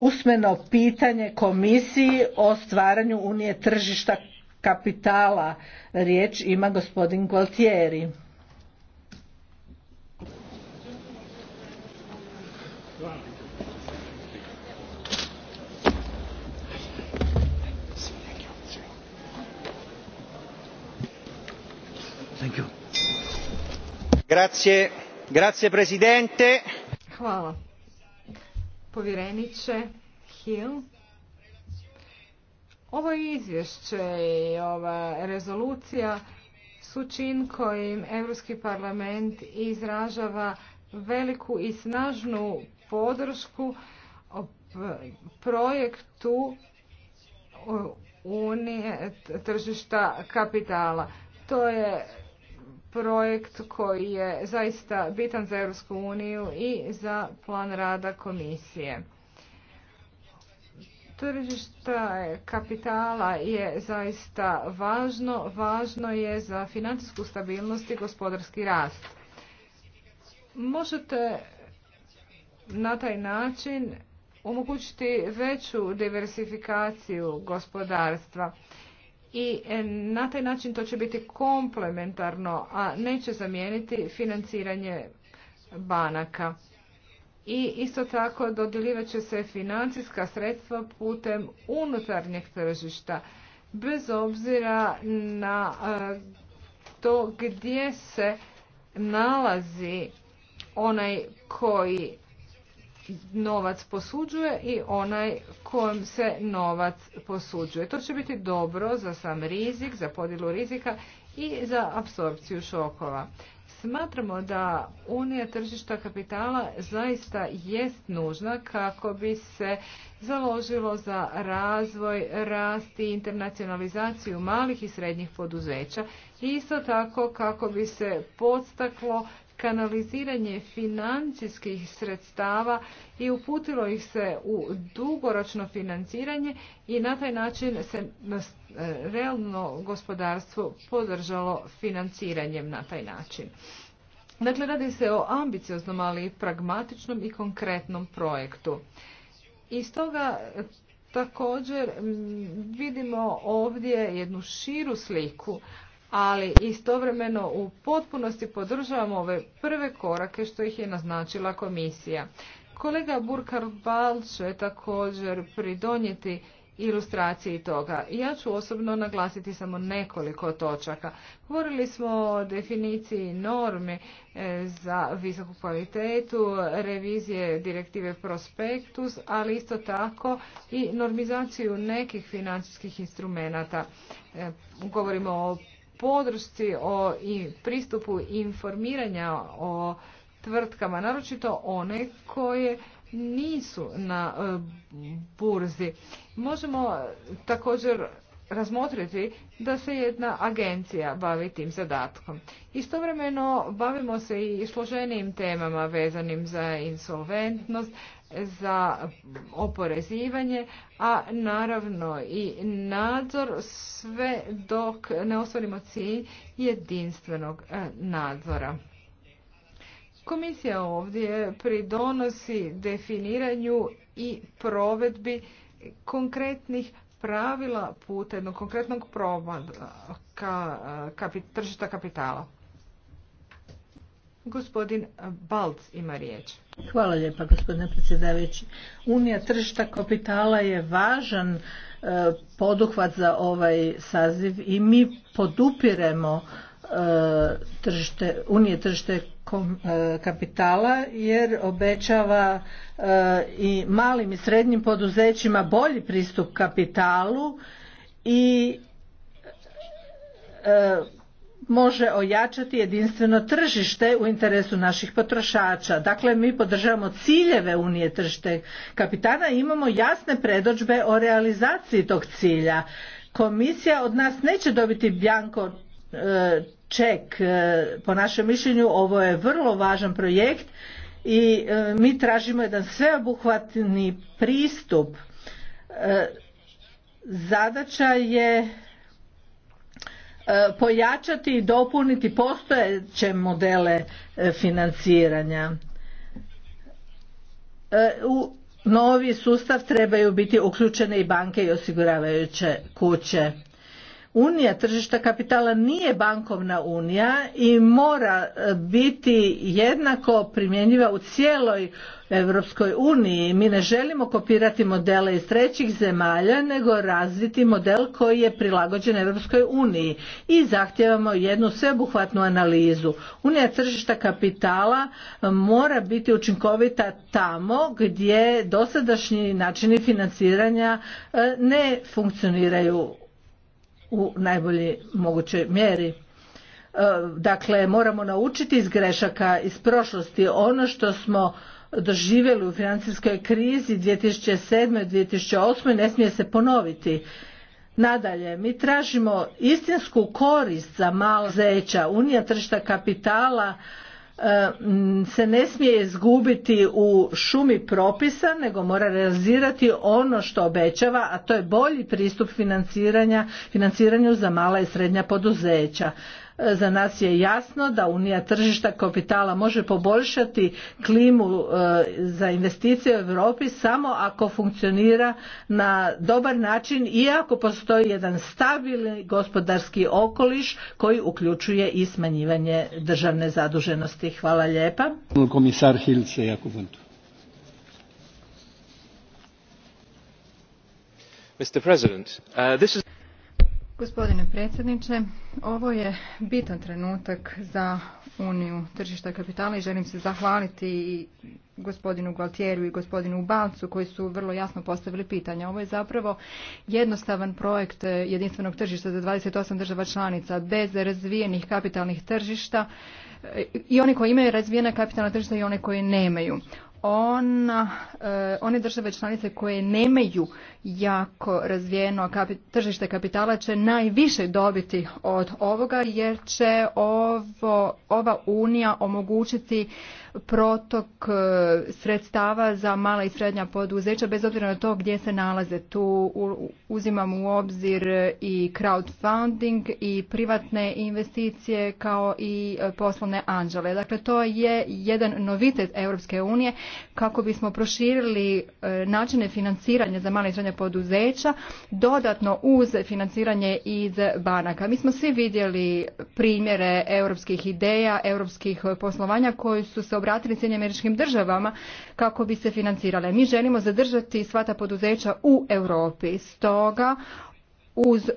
usmeno pitanje komisiji o stvaranju unije tržišta kapitala. Riječ ima gospodin Gualtieri. Grazie, grazie presidente. Hvala povjereniče Hill. Ovo izvješće i ova rezolucija su čin kojim Europski parlament izražava veliku i snažnu podršku projektu Unije tržišta kapitala. To je projekt koji je zaista bitan za Europsku uniju i za plan rada komisije. Tržišta kapitala je zaista važno, važno je za financijsku stabilnost i gospodarski rast. Možete na taj način omogućiti veću diversifikaciju gospodarstva i e, na taj način to će biti komplementarno, a neće zamijeniti financiranje banaka. I isto tako dodjelivat će se financijska sredstva putem unutarnjeg tržišta, bez obzira na e, to gdje se nalazi onaj koji novac posuđuje i onaj kojem se novac posuđuje. To će biti dobro za sam rizik, za podjelu rizika i za apsorpciju šokova. Smatramo da Unija tržišta kapitala zaista jest nužna kako bi se založilo za razvoj, rast i internacionalizaciju malih i srednjih poduzeća. Isto tako kako bi se podstaklo kanaliziranje financijskih sredstava i uputilo ih se u dugoročno financiranje i na taj način se e, realno gospodarstvo podržalo financiranjem na taj način. Dakle, radi se o ambicioznom, ali i pragmatičnom i konkretnom projektu. Iz toga e, također vidimo ovdje jednu širu sliku, ali istovremeno u potpunosti podržavamo ove prve korake što ih je naznačila komisija. Kolega Burkar Bal će također pridonijeti ilustraciji toga. Ja ću osobno naglasiti samo nekoliko točaka. Govorili smo o definiciji norme e, za visoku kvalitetu, revizije direktive prospektus, ali isto tako i normizaciju nekih financijskih instrumenata. E, govorimo o podršci o i pristupu informiranja o tvrtkama, naročito one koje nisu na e, burzi. Možemo također razmotriti da se jedna agencija bavi tim zadatkom. Istovremeno bavimo se i složenijim temama vezanim za insolventnost, za oporezivanje, a naravno i nadzor sve dok ne ostvarimo cilj jedinstvenog e, nadzora. Komisija ovdje pridonosi definiranju i provedbi konkretnih pravila puta jednog konkretnog proba e, tržišta kapitala. Gospodin Balc ima riječ. Hvala lijepa gospodine predsjedavajući. Unija tržišta kapitala je važan e, poduhvat za ovaj saziv i mi podupiremo e, tržište, Unije tržište e, kapitala jer obećava i malim i srednjim poduzećima bolji pristup kapitalu i može ojačati jedinstveno tržište u interesu naših potrošača. Dakle, mi podržavamo ciljeve Unije tržište kapitana i imamo jasne predođbe o realizaciji tog cilja. Komisija od nas neće dobiti bjanko e, ček. E, po našem mišljenju ovo je vrlo važan projekt i e, mi tražimo jedan sveobuhvatni pristup. Zadaća je E, pojačati i dopuniti postojeće modele e, financiranja. E, u novi sustav trebaju biti uključene i banke i osiguravajuće kuće unija tržišta kapitala nije bankovna unija i mora e, biti jednako primjenjiva u cijeloj Europskoj uniji. Mi ne želimo kopirati modele iz trećih zemalja, nego razviti model koji je prilagođen Europskoj uniji i zahtijevamo jednu sveobuhvatnu analizu. Unija tržišta kapitala e, mora biti učinkovita tamo gdje dosadašnji načini financiranja e, ne funkcioniraju u najbolji mogućoj mjeri e, dakle moramo naučiti iz grešaka iz prošlosti ono što smo doživjeli u financijskoj krizi 2007. i 2008. ne smije se ponoviti. Nadalje, mi tražimo istinsku korist za malo zeća. Unija tržišta kapitala E, se ne smije izgubiti u šumi propisa nego mora realizirati ono što obećava a to je bolji pristup financiranja financiranju za mala i srednja poduzeća za nas je jasno da Unija tržišta kapitala može poboljšati klimu e, za investicije u Europi samo ako funkcionira na dobar način i ako postoji jedan stabilni gospodarski okoliš koji uključuje i smanjivanje državne zaduženosti. Hvala lijepa. Komisar Hilce, Mr. President, uh, this is... Gospodine predsjedniče, ovo je bitan trenutak za Uniju tržišta kapitala i želim se zahvaliti i gospodinu Gualtieru i gospodinu Balcu koji su vrlo jasno postavili pitanja. Ovo je zapravo jednostavan projekt jedinstvenog tržišta za 28 država članica bez razvijenih kapitalnih tržišta i oni koji imaju razvijena kapitalna tržišta i one koji nemaju. E, one države članice koje nemaju jako razvijeno tržište kapitala će najviše dobiti od ovoga jer će ova unija omogućiti protok e, sredstava za mala i srednja poduzeća bez obzira na to gdje se nalaze. Tu uzimam u obzir i crowdfunding i privatne investicije kao i e, poslovne anđele. Dakle, to je jedan novitet Europske unije kako bismo proširili e, načine financiranja za male i srednje poduzeća dodatno uz financiranje iz banaka. Mi smo svi vidjeli primjere europskih ideja, europskih poslovanja koji su se obratili s američkim državama kako bi se financirale. Mi želimo zadržati sva ta poduzeća u Europi. Stoga uz e,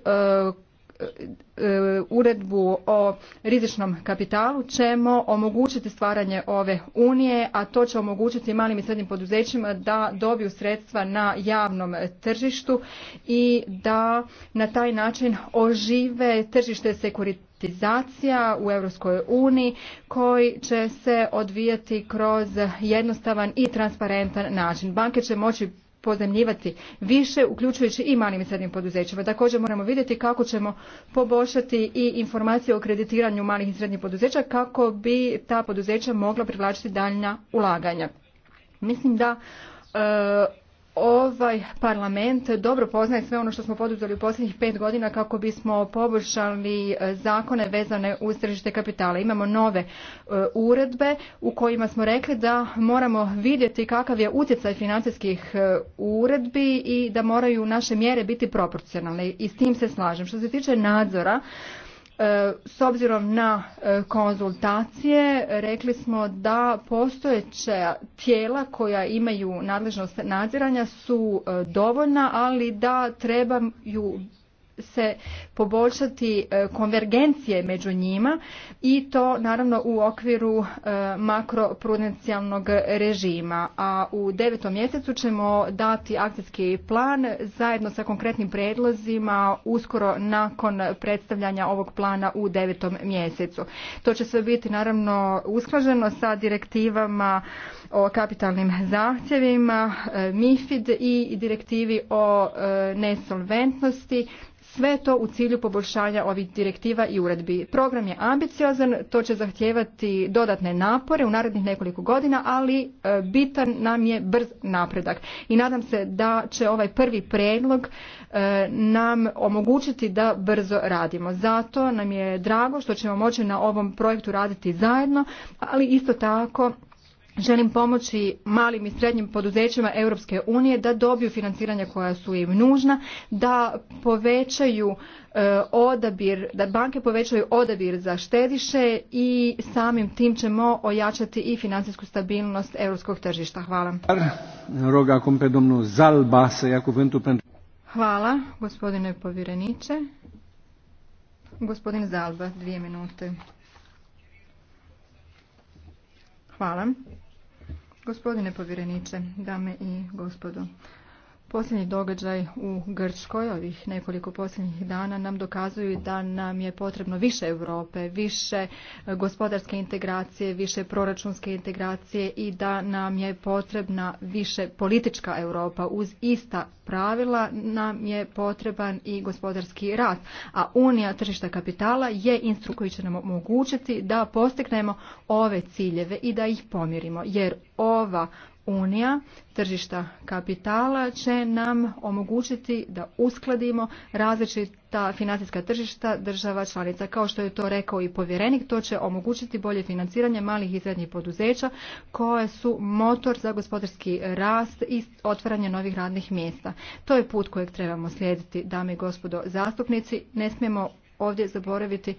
E, uredbu o rizičnom kapitalu ćemo omogućiti stvaranje ove unije, a to će omogućiti malim i srednjim poduzećima da dobiju sredstva na javnom tržištu i da na taj način ožive tržište sekuritizacija u Europskoj uniji koji će se odvijati kroz jednostavan i transparentan način. Banke će moći pozemljivati više, uključujući i malim i srednjim poduzećima. Također moramo vidjeti kako ćemo poboljšati i informacije o kreditiranju malih i srednjih poduzeća kako bi ta poduzeća mogla privlačiti daljna ulaganja. Mislim da e, ovaj parlament dobro poznaje sve ono što smo poduzeli u posljednjih pet godina kako bismo poboljšali e, zakone vezane uz tržište kapitala. Imamo nove e, uredbe u kojima smo rekli da moramo vidjeti kakav je utjecaj financijskih e, uredbi i da moraju naše mjere biti proporcionalne i s tim se slažem. Što se tiče nadzora, E, s obzirom na e, konzultacije rekli smo da postojeća tijela koja imaju nadležnost nadziranja su e, dovoljna, ali da trebaju se poboljšati e, konvergencije među njima i to naravno u okviru e, makroprudencijalnog režima. A u devetom mjesecu ćemo dati akcijski plan zajedno sa konkretnim predlozima uskoro nakon predstavljanja ovog plana u devetom mjesecu. To će sve biti naravno usklaženo sa direktivama o kapitalnim zahtjevima, e, MIFID i direktivi o nesolventnosti sve to u cilju poboljšanja ovih direktiva i uredbi. Program je ambiciozan, to će zahtijevati dodatne napore u narednih nekoliko godina, ali e, bitan nam je brz napredak. I nadam se da će ovaj prvi predlog e, nam omogućiti da brzo radimo. Zato nam je drago što ćemo moći na ovom projektu raditi zajedno, ali isto tako želim pomoći malim i srednjim poduzećima Europske unije da dobiju financiranja koja su im nužna, da povećaju eh, odabir, da banke povećaju odabir za štediše i samim tim ćemo ojačati i financijsku stabilnost europskog tržišta. Hvala. Hvala, gospodine povjereniče. Gospodin Zalba, dvije minute. Hvala. Gospodine povjereniče, dame i gospodo. Posljednji događaj u Grčkoj ovih nekoliko posljednjih dana nam dokazuju da nam je potrebno više Europe, više e, gospodarske integracije, više proračunske integracije i da nam je potrebna više politička Europa. Uz ista pravila nam je potreban i gospodarski rast. A Unija tržišta kapitala je instru koji će nam omogućiti da postignemo ove ciljeve i da ih pomirimo. Jer ova unija tržišta kapitala će nam omogućiti da uskladimo različita financijska tržišta država članica. Kao što je to rekao i povjerenik, to će omogućiti bolje financiranje malih i srednjih poduzeća koje su motor za gospodarski rast i otvaranje novih radnih mjesta. To je put kojeg trebamo slijediti, dame i gospodo zastupnici. Ne smijemo ovdje zaboraviti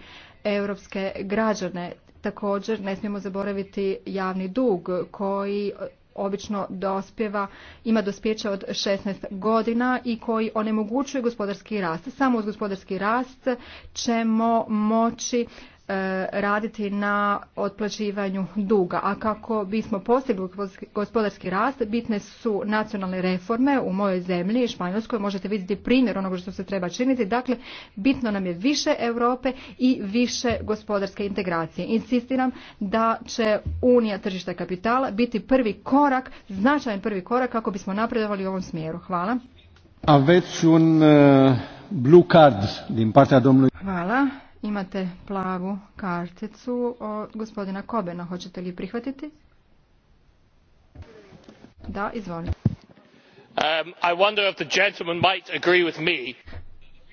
europske građane. Također ne smijemo zaboraviti javni dug koji obično dospjeva, ima dospjeća od 16 godina i koji onemogućuje gospodarski rast. Samo uz gospodarski rast ćemo moći E, raditi na otplaćivanju duga. A kako bismo postigli gospodarski rast, bitne su nacionalne reforme u mojoj zemlji, Španjolskoj, možete vidjeti primjer onoga što se treba činiti. Dakle, bitno nam je više Europe i više gospodarske integracije. Insistiram da će Unija tržišta kapitala biti prvi korak, značajan prvi korak kako bismo napredovali u ovom smjeru. Hvala. un e, blue card din domnului. Hvala. Imate plavu karticu od gospodina Kobena. Hoćete li prihvatiti? Da, izvolite. Um, I wonder if the gentleman might agree with me.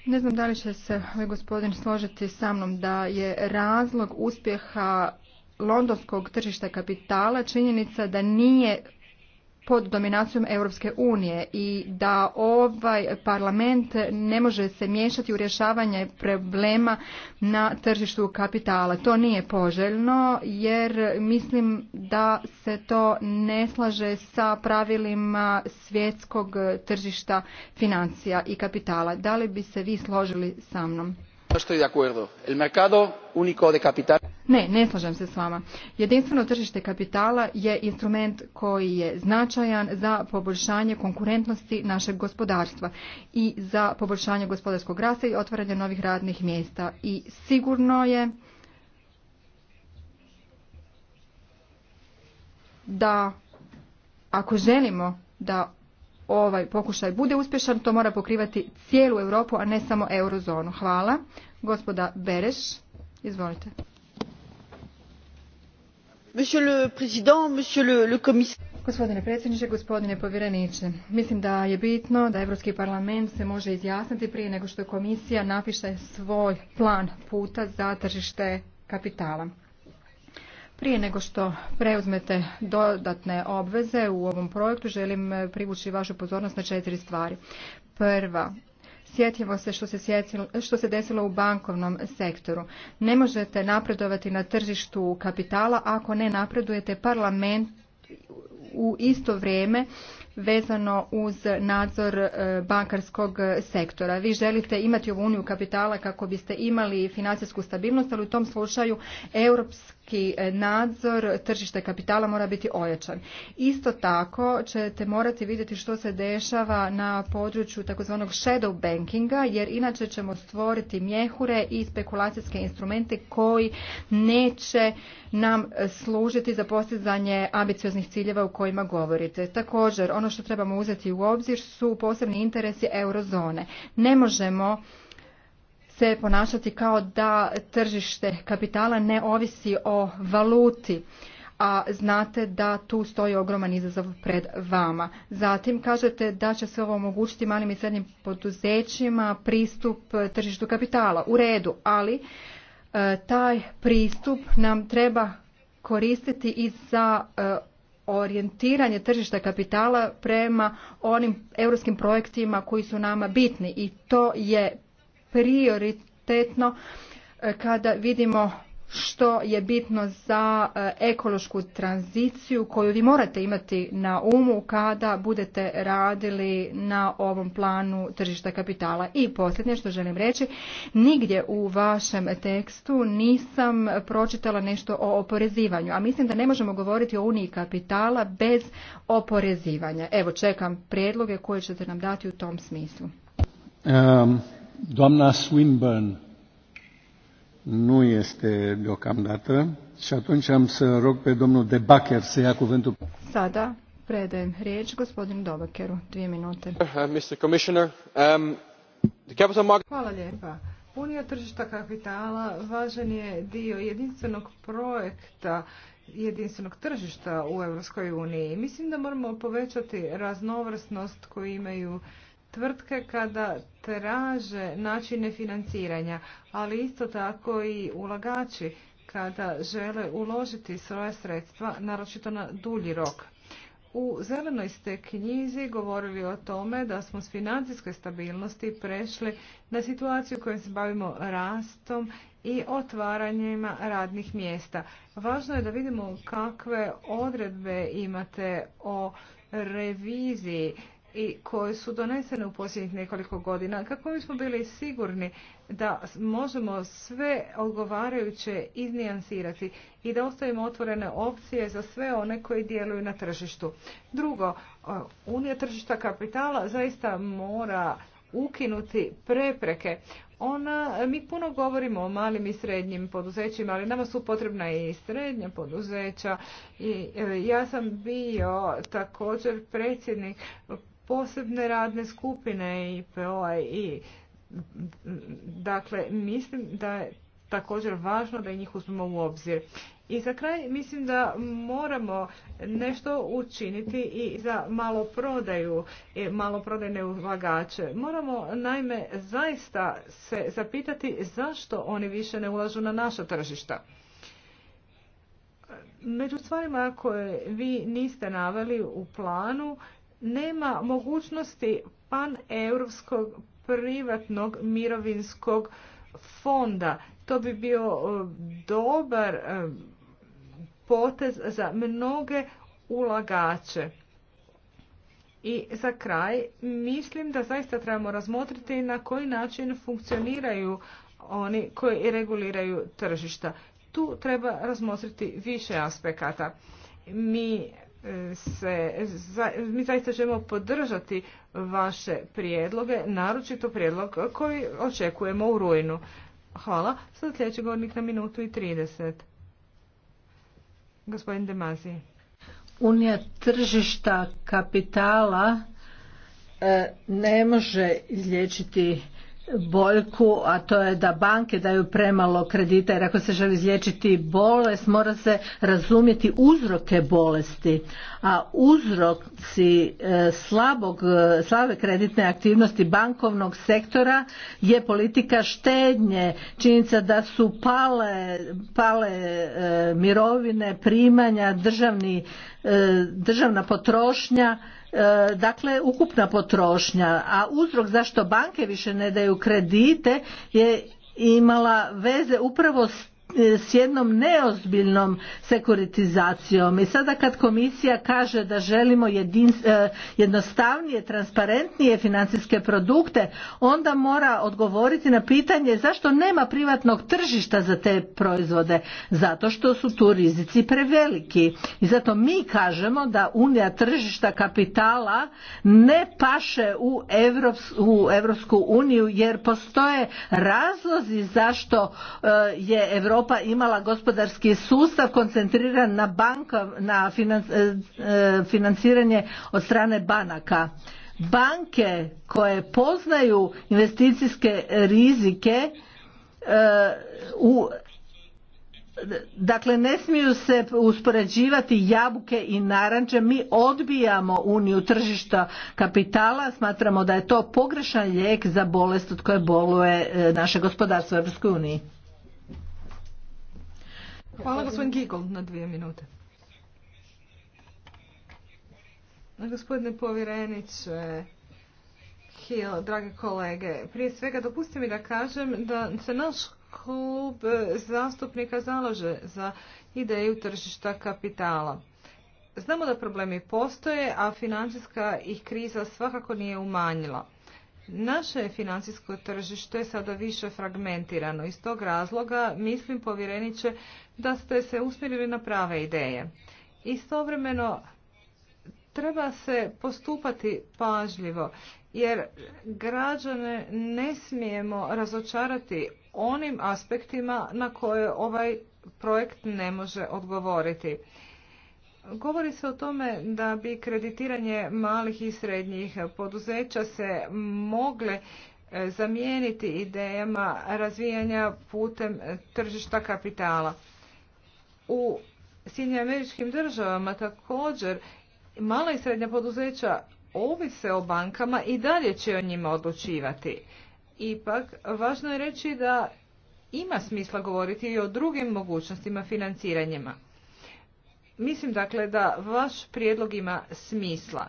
Ne znam da li će se ovaj gospodin složiti sa mnom da je razlog uspjeha londonskog tržišta kapitala činjenica da nije pod dominacijom Europske unije i da ovaj parlament ne može se miješati u rješavanje problema na tržištu kapitala. To nije poželjno jer mislim da se to ne slaže sa pravilima svjetskog tržišta financija i kapitala. Da li bi se vi složili sa mnom? Ne, ne slažem se s vama. Jedinstveno tržište kapitala je instrument koji je značajan za poboljšanje konkurentnosti našeg gospodarstva i za poboljšanje gospodarskog rasta i otvaranje novih radnih mjesta. I sigurno je da ako želimo da ovaj pokušaj bude uspješan, to mora pokrivati cijelu Europu, a ne samo eurozonu. Hvala. Gospoda Bereš, izvolite. Gospodine predsjedniče, gospodine povjereniče, mislim da je bitno da Europski parlament se može izjasniti prije nego što komisija napiše svoj plan puta za tržište kapitala. Prije nego što preuzmete dodatne obveze u ovom projektu, želim e, privući vašu pozornost na četiri stvari. Prva, sjetljivo se što se, što se desilo u bankovnom sektoru. Ne možete napredovati na tržištu kapitala ako ne napredujete parlament u isto vrijeme vezano uz nadzor e, bankarskog sektora. Vi želite imati ovu uniju kapitala kako biste imali financijsku stabilnost, ali u tom slučaju europski financijski nadzor tržište kapitala mora biti ojačan. Isto tako ćete morati vidjeti što se dešava na području takozvanog shadow bankinga jer inače ćemo stvoriti mjehure i spekulacijske instrumente koji neće nam služiti za postizanje ambicioznih ciljeva u kojima govorite. Također, ono što trebamo uzeti u obzir su posebni interesi eurozone. Ne možemo se ponašati kao da tržište kapitala ne ovisi o valuti a znate da tu stoji ogroman izazov pred vama. Zatim kažete da će se ovo omogućiti malim i srednjim poduzećima pristup tržištu kapitala. U redu, ali e, taj pristup nam treba koristiti i za e, orijentiranje tržišta kapitala prema onim europskim projektima koji su nama bitni i to je prioritetno e, kada vidimo što je bitno za e, ekološku tranziciju koju vi morate imati na umu kada budete radili na ovom planu tržišta kapitala. I posljednje što želim reći, nigdje u vašem tekstu nisam pročitala nešto o oporezivanju, a mislim da ne možemo govoriti o uniji kapitala bez oporezivanja. Evo čekam prijedloge koje ćete nam dati u tom smislu. Um, Doamna Swinburne nu este deocamdată și atunci am să rog pe domnul De Bacher să ia cuvântul. Sada predajem riječ gospodinu Dobakeru. două minute. Uh, uh, Mr. Commissioner, um, the capital market... Hvala lijepa. Unija tržišta kapitala važan je dio jedinstvenog projekta jedinstvenog tržišta u Europskoj uniji. Mislim da moramo povećati raznovrsnost koju imaju tvrtke kada traže načine financiranja, ali isto tako i ulagači kada žele uložiti svoje sredstva, naročito na dulji rok. U zelenoj ste knjizi govorili o tome da smo s financijske stabilnosti prešli na situaciju u kojoj se bavimo rastom i otvaranjima radnih mjesta. Važno je da vidimo kakve odredbe imate o reviziji i koje su donesene u posljednjih nekoliko godina, kako bismo bili sigurni da možemo sve odgovarajuće iznijansirati i da ostavimo otvorene opcije za sve one koji djeluju na tržištu. Drugo, Unija tržišta kapitala zaista mora ukinuti prepreke. Ona, mi puno govorimo o malim i srednjim poduzećima, ali nama su potrebna i srednja poduzeća. I, e, ja sam bio također predsjednik posebne radne skupine i a i dakle mislim da je također važno da ih njih uzmemo u obzir. I za kraj mislim da moramo nešto učiniti i za maloprodaju, e, maloprodajne ulagače. Moramo naime zaista se zapitati zašto oni više ne ulažu na naša tržišta. Među stvarima koje vi niste naveli u planu nema mogućnosti paneuropskog privatnog mirovinskog fonda. To bi bio e, dobar e, potez za mnoge ulagače. I za kraj, mislim da zaista trebamo razmotriti na koji način funkcioniraju oni koji reguliraju tržišta. Tu treba razmotriti više aspekata. Mi se, za, mi zaista želimo podržati vaše prijedloge, naročito prijedlog koji očekujemo u rujnu. Hvala. Sada sljedeći govornik na minutu i 30. Gospodin Demazi. Unija tržišta kapitala e, ne može izlječiti boljku, a to je da banke daju premalo kredita jer ako se želi izliječiti bolest mora se razumjeti uzroke bolesti, a uzroci e, slabog, e, slabe kreditne aktivnosti bankovnog sektora je politika štednje, činjenica da su pale, pale e, mirovine, primanja, državni, državna potrošnja E, dakle ukupna potrošnja, a uzrok zašto banke više ne daju kredite je imala veze upravo s E, s jednom neozbiljnom sekuritizacijom i sada kad komisija kaže da želimo e, jednostavnije transparentnije financijske produkte onda mora odgovoriti na pitanje zašto nema privatnog tržišta za te proizvode zato što su tu rizici preveliki i zato mi kažemo da unija tržišta kapitala ne paše u europsku uniju jer postoje razlozi zašto e, je Europa Europa imala gospodarski sustav koncentriran na banka, na e, e, financiranje od strane banaka. Banke koje poznaju investicijske rizike e, u dakle ne smiju se uspoređivati jabuke i naranđe. mi odbijamo uniju tržišta kapitala smatramo da je to pogrešan lijek za bolest od koje boluje naše gospodarstvo u europskoj uniji Hvala gospodin Gigol na dvije minute. Gospodine povjereniče, Hill, drage kolege, prije svega dopustite mi da kažem da se naš klub e, zastupnika zalaže za ideju tržišta kapitala. Znamo da problemi postoje, a financijska ih kriza svakako nije umanjila. Naše financijsko tržište je sada više fragmentirano. Iz tog razloga mislim povjereniče da ste se usmjerili na prave ideje. Istovremeno treba se postupati pažljivo jer građane ne smijemo razočarati onim aspektima na koje ovaj projekt ne može odgovoriti. Govori se o tome da bi kreditiranje malih i srednjih poduzeća se mogle e, zamijeniti idejama razvijanja putem tržišta kapitala. U Sjedinjim američkim državama također mala i srednja poduzeća ovise o bankama i dalje će o njima odlučivati. Ipak, važno je reći da ima smisla govoriti i o drugim mogućnostima financiranjima. Mislim dakle da vaš prijedlog ima smisla.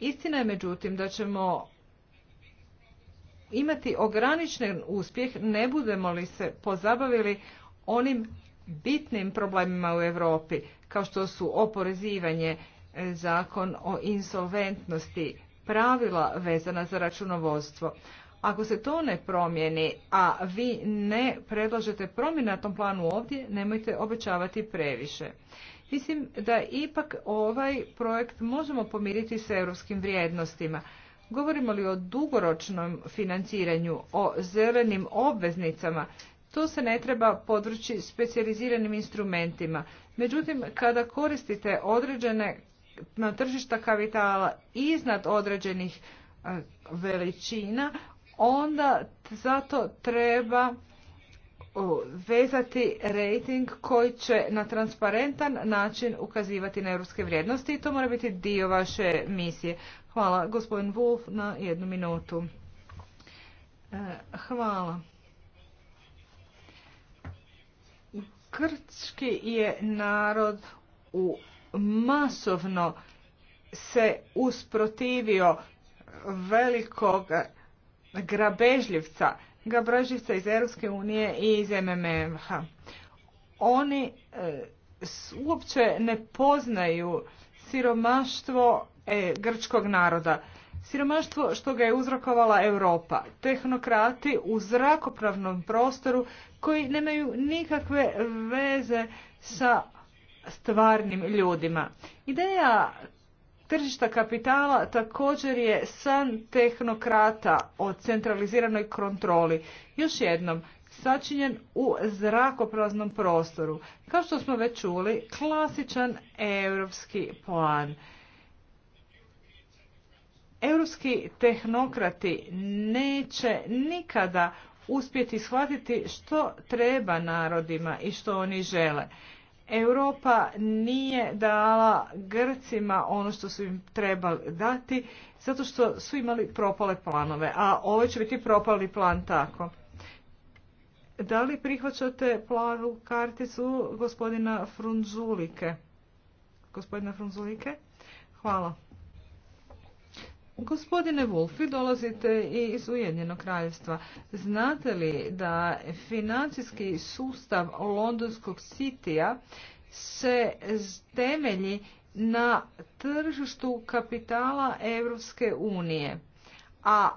Istina je međutim da ćemo imati ograničen uspjeh ne budemo li se pozabavili onim bitnim problemima u Europi kao što su oporezivanje, e, zakon o insolventnosti, pravila vezana za računovodstvo. Ako se to ne promijeni, a vi ne predlažete promjene na tom planu ovdje, nemojte obećavati previše. Mislim da ipak ovaj projekt možemo pomiriti sa europskim vrijednostima. Govorimo li o dugoročnom financiranju, o zelenim obveznicama, to se ne treba područiti specijaliziranim instrumentima. Međutim, kada koristite određene na tržišta kapitala iznad određenih eh, veličina, onda zato treba vezati rating koji će na transparentan način ukazivati na europske vrijednosti i to mora biti dio vaše misije. Hvala gospodin Wolf na jednu minutu. E, hvala. krčki je narod u masovno se usprotivio velikog grabežljivca ga iz Europske unije i iz MMH. Oni e, uopće ne poznaju siromaštvo e, grčkog naroda. Siromaštvo što ga je uzrokovala Europa, tehnokrati u zrakopravnom prostoru koji nemaju nikakve veze sa stvarnim ljudima. Ideja tržišta kapitala također je san tehnokrata o centraliziranoj kontroli. Još jednom, sačinjen u zrakopraznom prostoru. Kao što smo već čuli, klasičan europski plan. Europski tehnokrati neće nikada uspjeti shvatiti što treba narodima i što oni žele. Europa nije dala Grcima ono što su im trebali dati, zato što su imali propale planove, a ovo će biti propali plan tako. Da li prihvaćate plavu karticu gospodina Frunzulike? Gospodina Frunzulike? Hvala. Gospodine Wolfi, dolazite iz Ujedinjenog kraljevstva. Znate li da financijski sustav londonskog sitija se temelji na tržištu kapitala Europske unije, a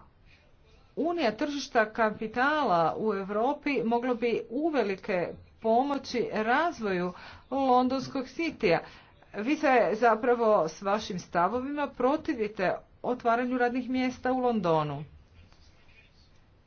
Unija tržišta kapitala u Europi moglo bi uvelike pomoći razvoju londonskog sitija. Vi se zapravo s vašim stavovima protivite otvaranju radnih mjesta u Londonu.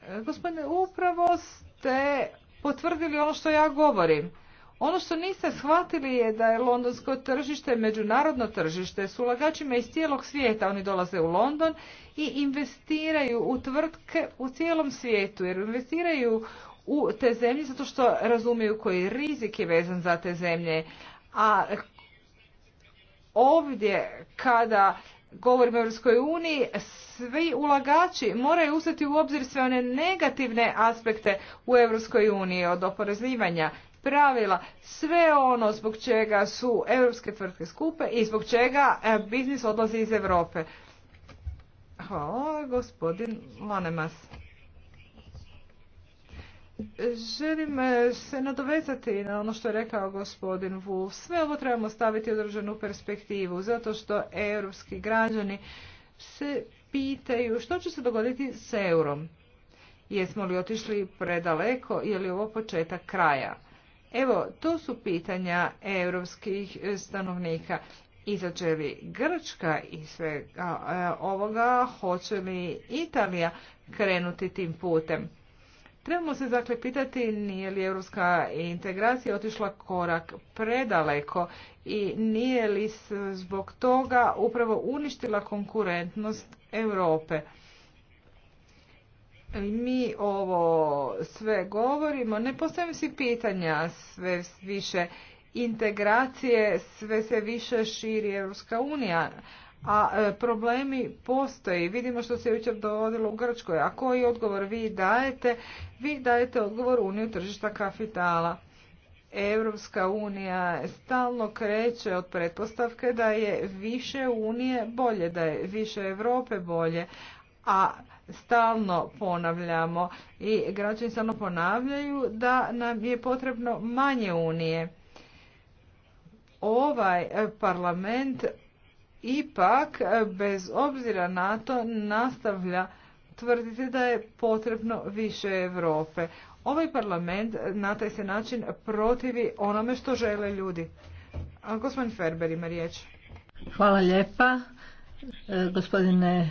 E, gospodine, upravo ste potvrdili ono što ja govorim. Ono što niste shvatili je da je londonsko tržište međunarodno tržište s ulagačima iz cijelog svijeta. Oni dolaze u London i investiraju u tvrtke u cijelom svijetu jer investiraju u te zemlje zato što razumiju koji rizik je vezan za te zemlje. A ovdje kada Govorim o Europskoj uniji, svi ulagači moraju uzeti u obzir sve one negativne aspekte u Europskoj uniji od oporezivanja, pravila, sve ono zbog čega su europske tvrtke skupe i zbog čega e, biznis odlazi iz Europe. Hvala, gospodin Lanemas. Želim e, se nadovezati na ono što je rekao gospodin Wolf. Sve ovo trebamo staviti u određenu perspektivu, zato što europski građani se pitaju što će se dogoditi s eurom. Jesmo li otišli predaleko ili ovo početak kraja? Evo, to su pitanja europskih stanovnika. Izađe li Grčka i sve e, ovoga, hoće li Italija krenuti tim putem? Trebamo se dakle pitati nije li europska integracija otišla korak predaleko i nije li se zbog toga upravo uništila konkurentnost Europe. Mi ovo sve govorimo, ne postavim si pitanja sve više integracije, sve se više širi Europska unija, a e, problemi postoji. Vidimo što se jučer dovodilo u Grčkoj. A koji odgovor vi dajete? Vi dajete odgovor Uniju tržišta kapitala. Europska unija stalno kreće od pretpostavke da je više unije bolje, da je više Europe bolje, a stalno ponavljamo i građani stalno ponavljaju da nam je potrebno manje unije. Ovaj e, parlament ipak, e, bez obzira na to, nastavlja tvrditi da je potrebno više Europe. Ovaj parlament na taj se način protivi onome što žele ljudi. gospodin Ferber ima riječ. Hvala lijepa. E, gospodine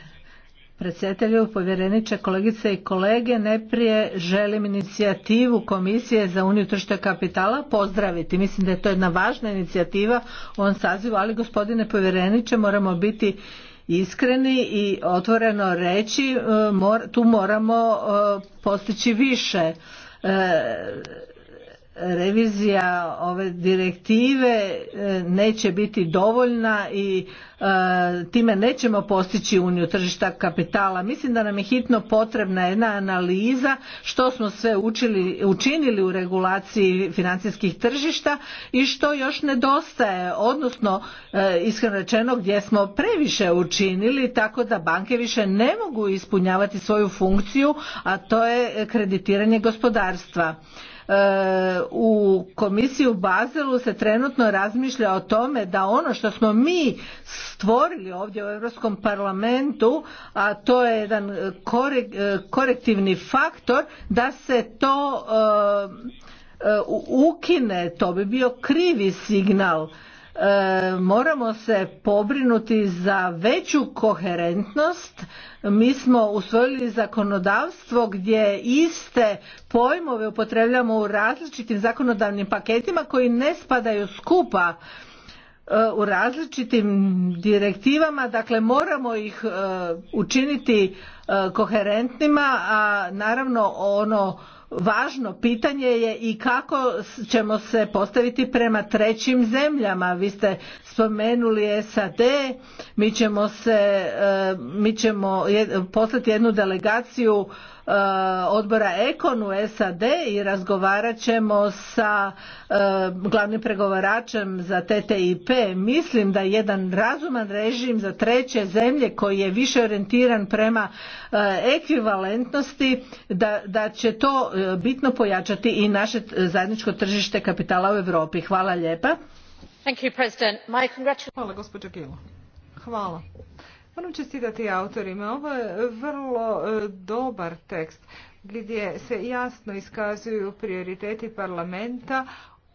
predsjedatelju, povjereniče, kolegice i kolege. Najprije želim inicijativu Komisije za uniju kapitala pozdraviti. Mislim da je to jedna važna inicijativa u ovom sazivu, ali gospodine povjereniče moramo biti iskreni i otvoreno reći e, tu moramo e, postići više e, revizija ove direktive e, neće biti dovoljna i e, time nećemo postići uniju tržišta kapitala. Mislim da nam je hitno potrebna jedna analiza što smo sve učili, učinili u regulaciji financijskih tržišta i što još nedostaje, odnosno e, iskreno rečeno gdje smo previše učinili tako da banke više ne mogu ispunjavati svoju funkciju, a to je kreditiranje gospodarstva E, u komisiji u Bazelu se trenutno razmišlja o tome da ono što smo mi stvorili ovdje u Europskom parlamentu, a to je jedan e, korektivni faktor, da se to e, ukine, to bi bio krivi signal E, moramo se pobrinuti za veću koherentnost mi smo usvojili zakonodavstvo gdje iste pojmove upotrebljamo u različitim zakonodavnim paketima koji ne spadaju skupa e, u različitim direktivama dakle moramo ih e, učiniti koherentnima a naravno ono važno pitanje je i kako ćemo se postaviti prema trećim zemljama. Vi ste spomenuli SAD, mi ćemo, e, poslati jednu delegaciju Eh, odbora Ekon u SAD i razgovarat ćemo sa eh, glavnim pregovaračem za TTIP. Mislim da jedan razuman režim za treće zemlje koji je više orijentiran prema eh, ekvivalentnosti da, će to bitno pojačati i naše zajedničko tržište kapitala u Europi. Hvala lijepa. Hvala Hvala. Moram čestitati autorima. Ovo je vrlo e, dobar tekst gdje se jasno iskazuju prioriteti parlamenta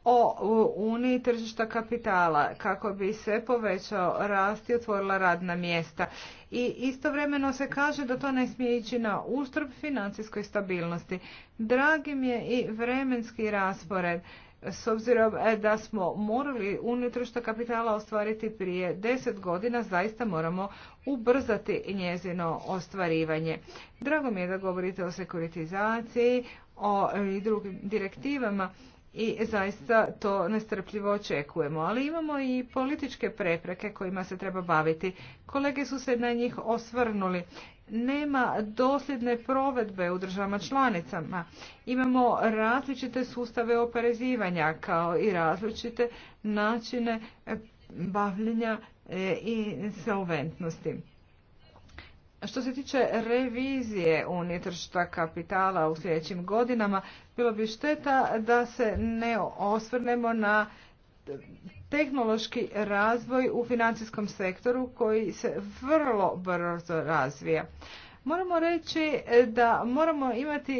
o uniji tržišta kapitala kako bi se povećao rast i otvorila radna mjesta. I istovremeno se kaže da to ne smije ići na ustrb financijskoj stabilnosti. Dragi mi je i vremenski raspored s obzirom e, da smo morali unutrašta kapitala ostvariti prije deset godina, zaista moramo ubrzati njezino ostvarivanje. Drago mi je da govorite o sekuritizaciji, o e, drugim direktivama i zaista to nestrpljivo očekujemo. Ali imamo i političke prepreke kojima se treba baviti. Kolege su se na njih osvrnuli nema dosljedne provedbe u državama članicama. Imamo različite sustave oporezivanja kao i različite načine bavljenja e, i solventnosti. Što se tiče revizije unije kapitala u sljedećim godinama, bilo bi šteta da se ne osvrnemo na tehnološki razvoj u financijskom sektoru koji se vrlo brzo razvija. Moramo reći da moramo imati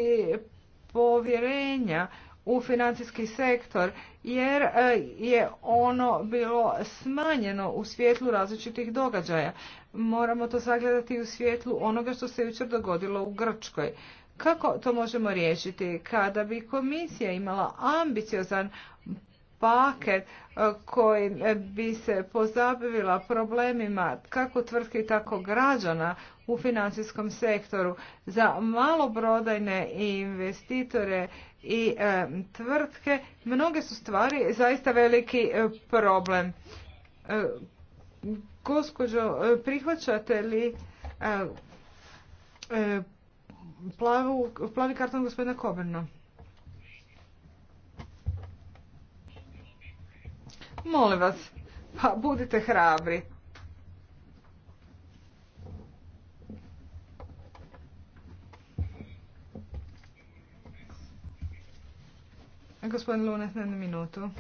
povjerenja u financijski sektor jer e, je ono bilo smanjeno u svjetlu različitih događaja. Moramo to sagledati u svjetlu onoga što se jučer dogodilo u Grčkoj. Kako to možemo riješiti? Kada bi komisija imala ambiciozan paket e, koji e, bi se pozabavila problemima kako tvrtki tako građana u financijskom sektoru za malobrodajne investitore i e, tvrtke mnoge su stvari zaista veliki problem. gospođo, prihvaćate li plavi karton gospodina Koberna? Molim vas, pa budite hrabri. Gospodin Lunas, na jednu minutu.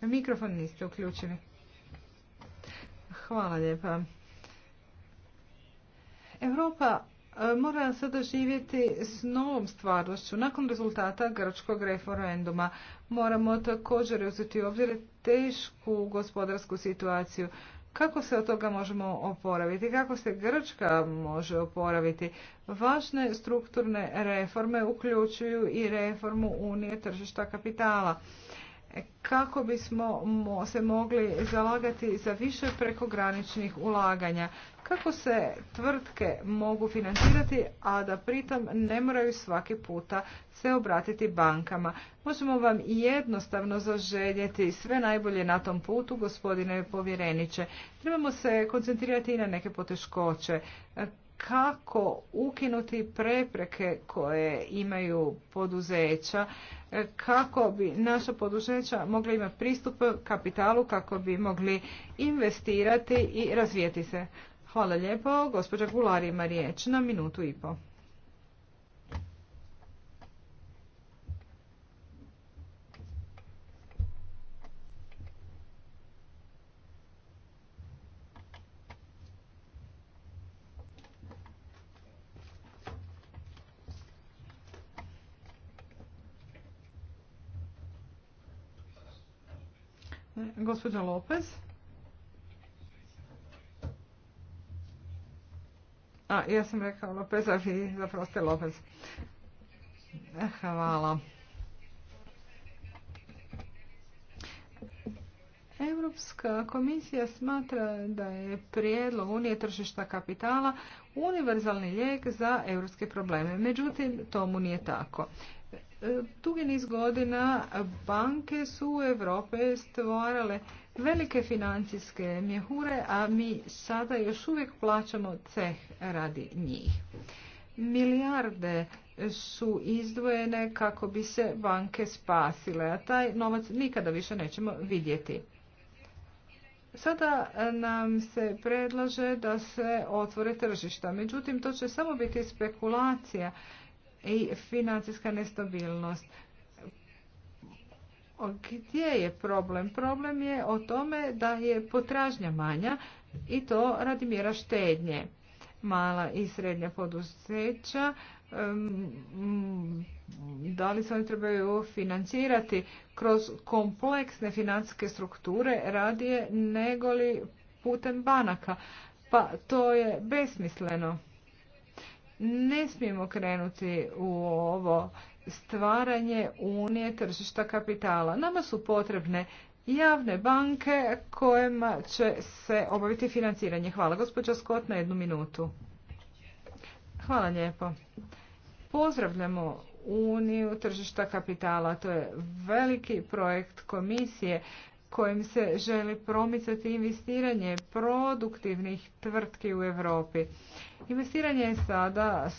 Mikrofon niste uključili. Hvala lijepa. Europa mora sada živjeti s novom stvarnošću nakon rezultata grčkog referenduma. Moramo također uzeti u obzir tešku gospodarsku situaciju. Kako se od toga možemo oporaviti? Kako se Grčka može oporaviti? Važne strukturne reforme uključuju i reformu Unije tržišta kapitala. Kako bismo se mogli zalagati za više prekograničnih ulaganja? kako se tvrtke mogu financirati, a da pritom ne moraju svaki puta se obratiti bankama. Možemo vam jednostavno zaželjeti sve najbolje na tom putu, gospodine povjereniče. Trebamo se koncentrirati i na neke poteškoće. Kako ukinuti prepreke koje imaju poduzeća, kako bi naša poduzeća mogla imati pristup kapitalu, kako bi mogli investirati i razvijeti se. Hvala lijepo. Gospođa Gular ima riječ na minutu i po. Gospođa Lopez. A, ja sam rekao ono, Lopez, a vi zapravo Lopez. Hvala. Europska komisija smatra da je prijedlog Unije tržišta kapitala univerzalni lijek za europske probleme. Međutim, tomu nije tako. Tugi e, niz godina banke su u Europe stvarale velike financijske mjehure, a mi sada još uvijek plaćamo ceh radi njih. Milijarde su izdvojene kako bi se banke spasile, a taj novac nikada više nećemo vidjeti. Sada nam se predlaže da se otvore tržišta, međutim to će samo biti spekulacija i financijska nestabilnost. Gdje je problem? Problem je o tome da je potražnja manja i to radi mjera štednje. Mala i srednja poduzeća da li se oni trebaju financirati kroz kompleksne financijske strukture radije nego li putem banaka. Pa to je besmisleno. Ne smijemo krenuti u ovo stvaranje unije tržišta kapitala. Nama su potrebne javne banke kojima će se obaviti financiranje. Hvala gospođa Skot na jednu minutu. Hvala lijepo. Pozdravljamo uniju tržišta kapitala. To je veliki projekt komisije kojim se želi promicati investiranje produktivnih tvrtki u Europi. Investiranje je sada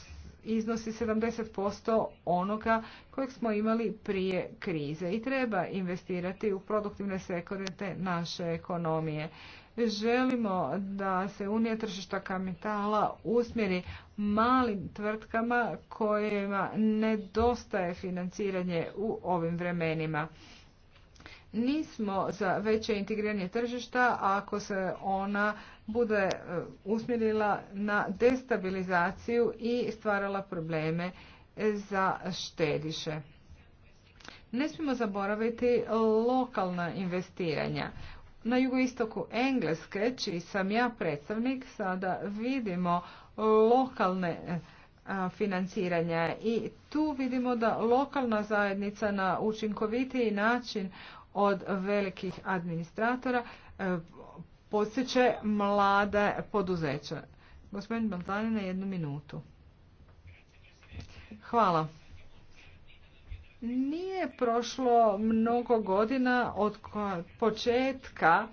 iznosi 70% onoga kojeg smo imali prije krize i treba investirati u produktivne sekurite naše ekonomije. Želimo da se unija tržišta kapitala usmjeri malim tvrtkama kojima nedostaje financiranje u ovim vremenima. Nismo za veće integriranje tržišta ako se ona bude e, usmjerila na destabilizaciju i stvarala probleme za štediše. Ne smijemo zaboraviti lokalna investiranja. Na jugoistoku Engleske, čiji sam ja predstavnik, sada vidimo lokalne e, financiranja i tu vidimo da lokalna zajednica na učinkovitiji način od velikih administratora e, postiče mlade poduzeća. Gospodin Baltani na jednu minutu. Hvala. Nije prošlo mnogo godina od početka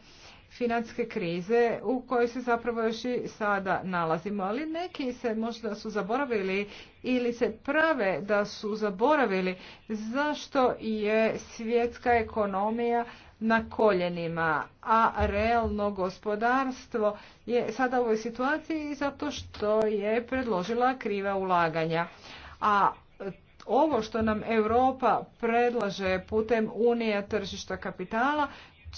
financijske krize u kojoj se zapravo još i sada nalazimo, ali neki se možda su zaboravili ili se prave da su zaboravili zašto je svjetska ekonomija na koljenima, a realno gospodarstvo je sada u ovoj situaciji zato što je predložila kriva ulaganja. A ovo što nam Europa predlaže putem Unije tržišta kapitala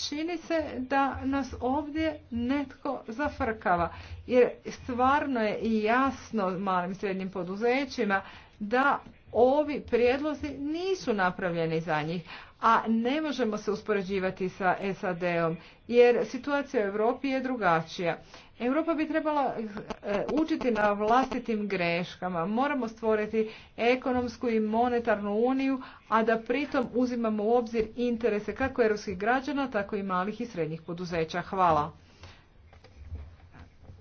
čini se da nas ovdje netko zafrkava. Jer stvarno je i jasno malim srednjim poduzećima da ovi prijedlozi nisu napravljeni za njih a ne možemo se uspoređivati sa SAD-om jer situacija u Europi je drugačija. Europa bi trebala eh, učiti na vlastitim greškama. Moramo stvoriti ekonomsku i monetarnu uniju, a da pritom uzimamo u obzir interese kako europskih građana, tako i malih i srednjih poduzeća. Hvala.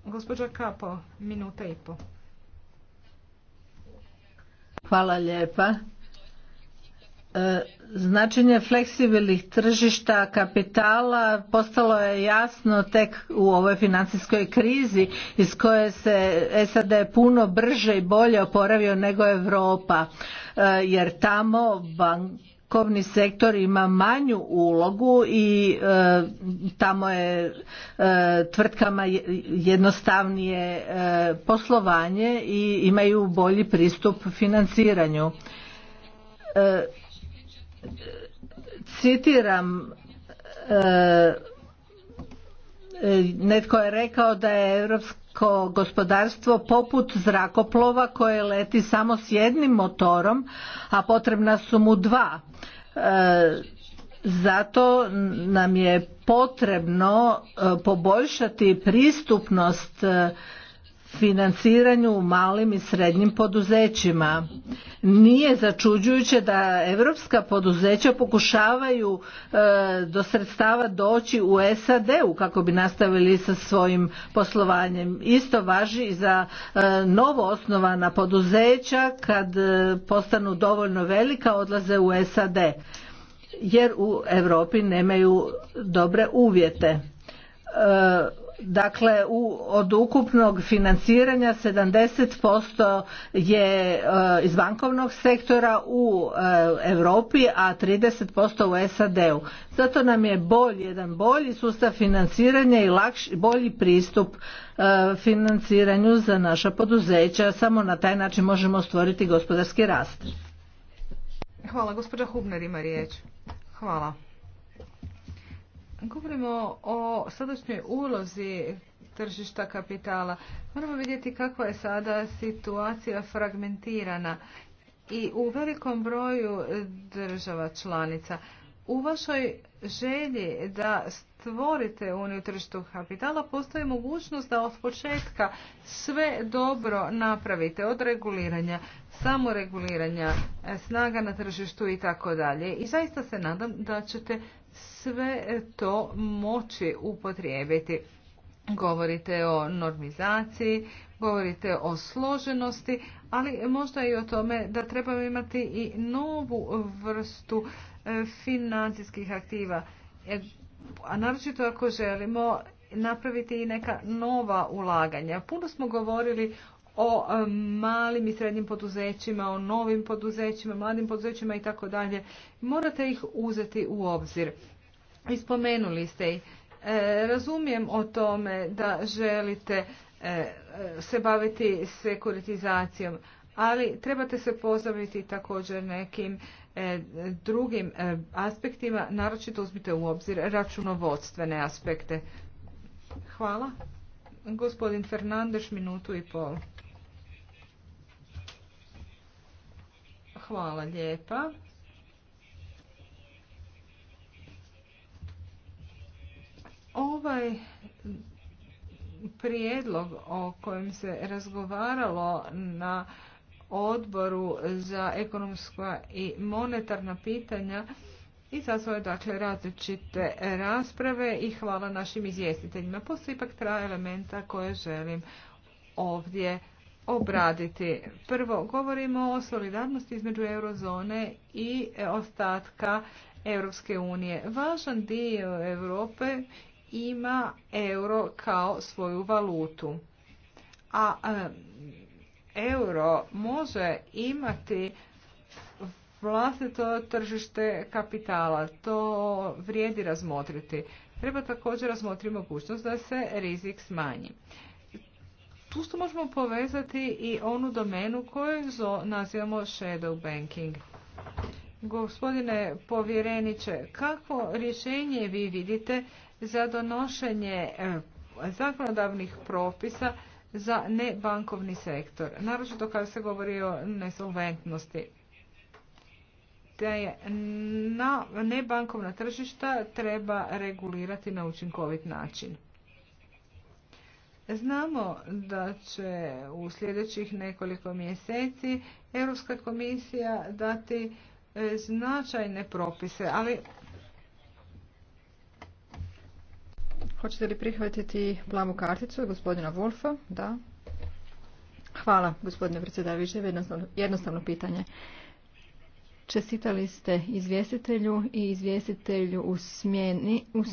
Gospođa Kapo, minuta i po. Hvala lijepa. E, značenje fleksibilnih tržišta kapitala postalo je jasno tek u ovoj financijskoj krizi iz koje se SAD je puno brže i bolje oporavio nego Europa e, jer tamo bankovni sektor ima manju ulogu i e, tamo je tvrtkama jednostavnije poslovanje i imaju bolji pristup financiranju citiram e, e, netko je rekao da je europsko gospodarstvo poput zrakoplova koje leti samo s jednim motorom a potrebna su mu dva e, zato nam je potrebno poboljšati pristupnost financiranju malim i srednjim poduzećima. Nije začuđujuće da evropska poduzeća pokušavaju e, do sredstava doći u SAD-u kako bi nastavili sa svojim poslovanjem. Isto važi i za e, novo osnovana poduzeća kad e, postanu dovoljno velika odlaze u SAD jer u Europi nemaju dobre uvjete Dakle, u, od ukupnog financiranja 70% je e, iz bankovnog sektora u e, Europi, a 30% u SAD-u. Zato nam je jedan bolji sustav financiranja i lakši, bolji pristup e, financiranju za naša poduzeća. Samo na taj način možemo stvoriti gospodarski rast. Hvala, gospođa Hubner Hvala. Govorimo o sadašnjoj ulozi tržišta kapitala. Moramo vidjeti kakva je sada situacija fragmentirana i u velikom broju država članica. U vašoj želji da stvorite uniju tržištu kapitala postoji mogućnost da od početka sve dobro napravite od reguliranja, samoreguliranja, e, snaga na tržištu i tako dalje. I zaista se nadam da ćete sve to moći upotrijebiti. Govorite o normizaciji, govorite o složenosti, ali možda i o tome da trebamo imati i novu vrstu e, financijskih aktiva. E, a naročito ako želimo napraviti i neka nova ulaganja. Puno smo govorili o e, malim i srednjim poduzećima, o novim poduzećima, mladim poduzećima i tako dalje. Morate ih uzeti u obzir spomenuli ste i. E, razumijem o tome da želite e, se baviti sekuritizacijom, ali trebate se pozabaviti također nekim e, drugim aspektima, naročito uzmite u obzir računovodstvene aspekte. Hvala. Gospodin Fernandeš, minutu i pol. Hvala lijepa. Ovaj prijedlog o kojem se razgovaralo na odboru za ekonomska i monetarna pitanja i svoje dakle različite rasprave i hvala našim izvjestiteljima. Postoji ipak tra elementa koje želim ovdje obraditi. Prvo, govorimo o solidarnosti između eurozone i ostatka Europske unije. Važan dio Europe ima euro kao svoju valutu. A e, euro može imati vlastito tržište kapitala. To vrijedi razmotriti. Treba također razmotriti mogućnost da se rizik smanji. Tu što možemo povezati i onu domenu koju nazivamo shadow banking. Gospodine povjereniče, kako rješenje vi vidite za donošenje e, zakonodavnih propisa za nebankovni sektor, naročito kada se govori o nesolventnosti. Da je na nebankovna tržišta treba regulirati na učinkovit način. Znamo da će u sljedećih nekoliko mjeseci Europska komisija dati e, značajne propise, ali Hoćete li prihvatiti plavu karticu gospodina Wolfa? Da. Hvala, gospodine predsjedavajući. Jednostavno, jednostavno pitanje. Čestitali ste izvjestitelju i izvjestitelju u, smjeni, u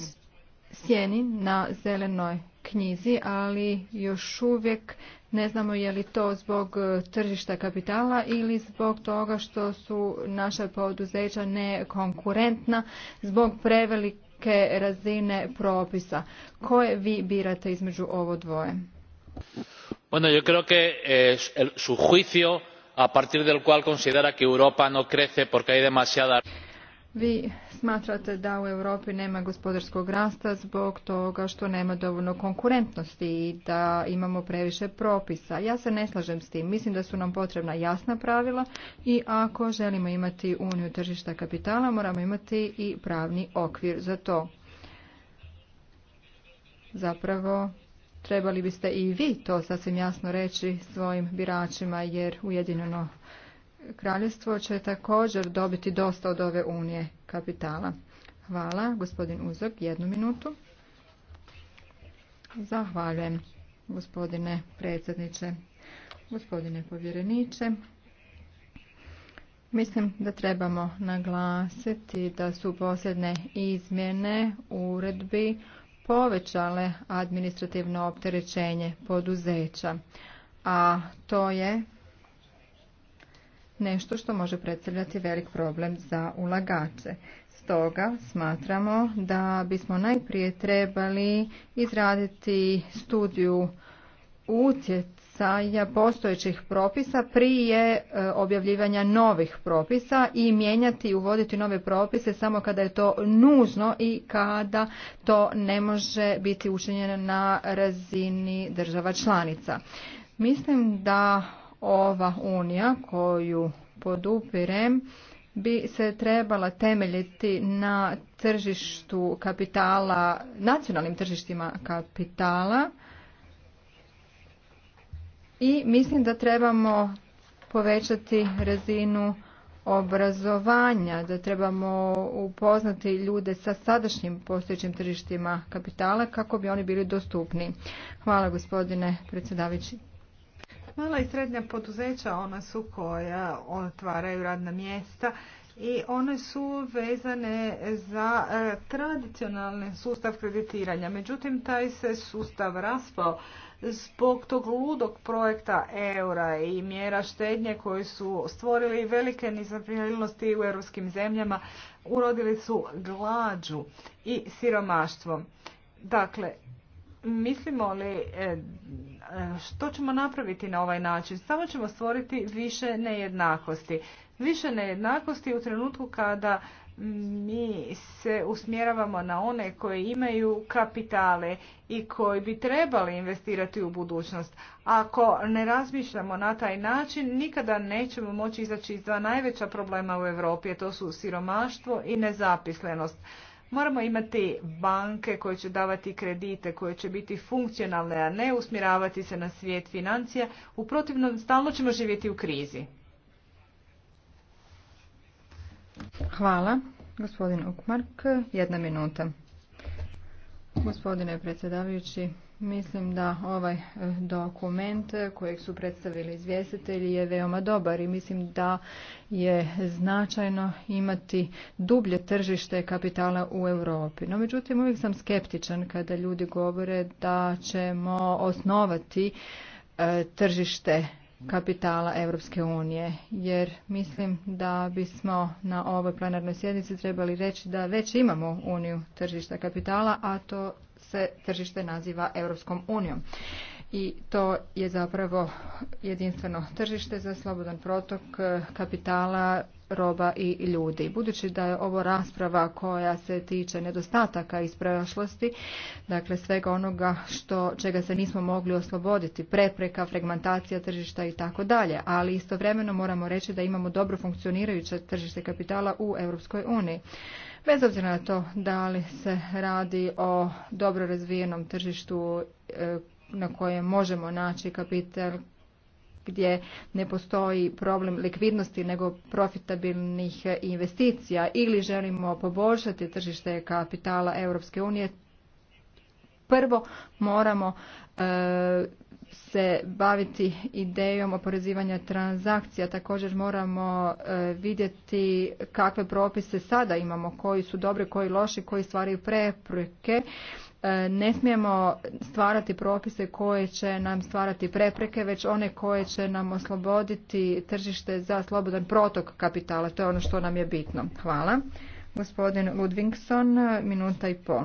sjeni na zelenoj knjizi, ali još uvijek ne znamo je li to zbog tržišta kapitala ili zbog toga što su naša poduzeća nekonkurentna, zbog prevelik razine propisa. Koje vi birate između ovo dvoje? Bueno, yo creo que eh, su juicio a partir del cual considera que Europa no crece porque hay demasiada vi smatrate da u Europi nema gospodarskog rasta zbog toga što nema dovoljno konkurentnosti i da imamo previše propisa. Ja se ne slažem s tim. Mislim da su nam potrebna jasna pravila i ako želimo imati uniju tržišta kapitala moramo imati i pravni okvir za to. Zapravo trebali biste i vi to sasvim jasno reći svojim biračima jer Ujedinjeno kraljevstvo će također dobiti dosta od ove unije kapitala. Hvala, gospodin Uzog, jednu minutu. Zahvaljujem, gospodine predsjedniče, gospodine povjereniče. Mislim da trebamo naglasiti da su posljedne izmjene uredbi povećale administrativno opterećenje poduzeća, a to je nešto što može predstavljati velik problem za ulagače. Stoga smatramo da bismo najprije trebali izraditi studiju utjecaja postojećih propisa prije e, objavljivanja novih propisa i mijenjati i uvoditi nove propise samo kada je to nužno i kada to ne može biti učinjeno na razini država članica. Mislim da ova unija koju podupirem bi se trebala temeljiti na tržištu kapitala, nacionalnim tržištima kapitala i mislim da trebamo povećati razinu obrazovanja, da trebamo upoznati ljude sa sadašnjim postojećim tržištima kapitala kako bi oni bili dostupni. Hvala gospodine predsjedavajući. Mala i srednja poduzeća ona su koja otvaraju radna mjesta i one su vezane za e, tradicionalni sustav kreditiranja. Međutim, taj se sustav raspao zbog tog ludog projekta eura i mjera štednje koji su stvorili velike nizaprijednosti u europskim zemljama, urodili su glađu i siromaštvom. Dakle, Mislimo li e, što ćemo napraviti na ovaj način? Samo ćemo stvoriti više nejednakosti. Više nejednakosti u trenutku kada mi se usmjeravamo na one koji imaju kapitale i koji bi trebali investirati u budućnost. Ako ne razmišljamo na taj način, nikada nećemo moći izaći iz dva najveća problema u Europi, to su siromaštvo i nezapislenost. Moramo imati banke koje će davati kredite, koje će biti funkcionalne, a ne usmjeravati se na svijet financija. U protivnom, stalno ćemo živjeti u krizi. Hvala. Gospodin Ukmark, jedna minuta. Gospodine predsjedavajući, Mislim da ovaj eh, dokument eh, kojeg su predstavili izvjestitelji je veoma dobar i mislim da je značajno imati dublje tržište kapitala u Europi. No međutim uvijek sam skeptičan kada ljudi govore da ćemo osnovati eh, tržište kapitala Europske unije, jer mislim da bismo na ovoj plenarnoj sjednici trebali reći da već imamo uniju tržišta kapitala, a to se tržište naziva Europskom unijom. I to je zapravo jedinstveno tržište za slobodan protok eh, kapitala roba i ljudi. Budući da je ovo rasprava koja se tiče nedostataka iz prošlosti, dakle svega onoga što, čega se nismo mogli osloboditi, prepreka, fragmentacija tržišta i tako dalje, ali istovremeno moramo reći da imamo dobro funkcionirajuće tržište kapitala u Europskoj uniji. Bez obzira na to da li se radi o dobro razvijenom tržištu e, na kojem možemo naći kapital gdje ne postoji problem likvidnosti nego profitabilnih eh, investicija ili želimo poboljšati tržište kapitala Europske unije, prvo moramo eh, se baviti idejom oporezivanja transakcija. Također moramo eh, vidjeti kakve propise sada imamo, koji su dobri, koji loši, koji stvaraju prepreke E, ne smijemo stvarati propise koje će nam stvarati prepreke, već one koje će nam osloboditi tržište za slobodan protok kapitala. To je ono što nam je bitno. Hvala. Gospodin Ludvingson, minuta i pol.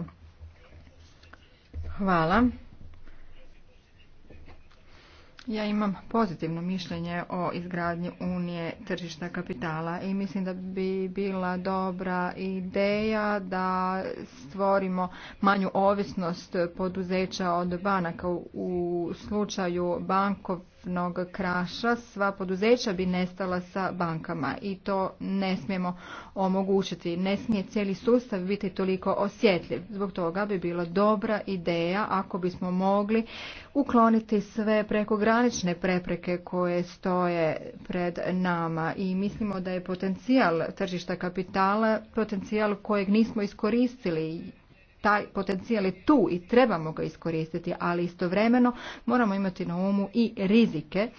Hvala. Ja imam pozitivno mišljenje o izgradnji Unije tržišta kapitala i mislim da bi bila dobra ideja da stvorimo manju ovisnost poduzeća od banaka u slučaju bankov naftnog kraša sva poduzeća bi nestala sa bankama i to ne smijemo omogućiti. Ne smije cijeli sustav biti toliko osjetljiv. Zbog toga bi bila dobra ideja ako bismo mogli ukloniti sve prekogranične prepreke koje stoje pred nama i mislimo da je potencijal tržišta kapitala potencijal kojeg nismo iskoristili taj potencijal je tu i trebamo ga iskoristiti, ali istovremeno moramo imati na umu i rizike.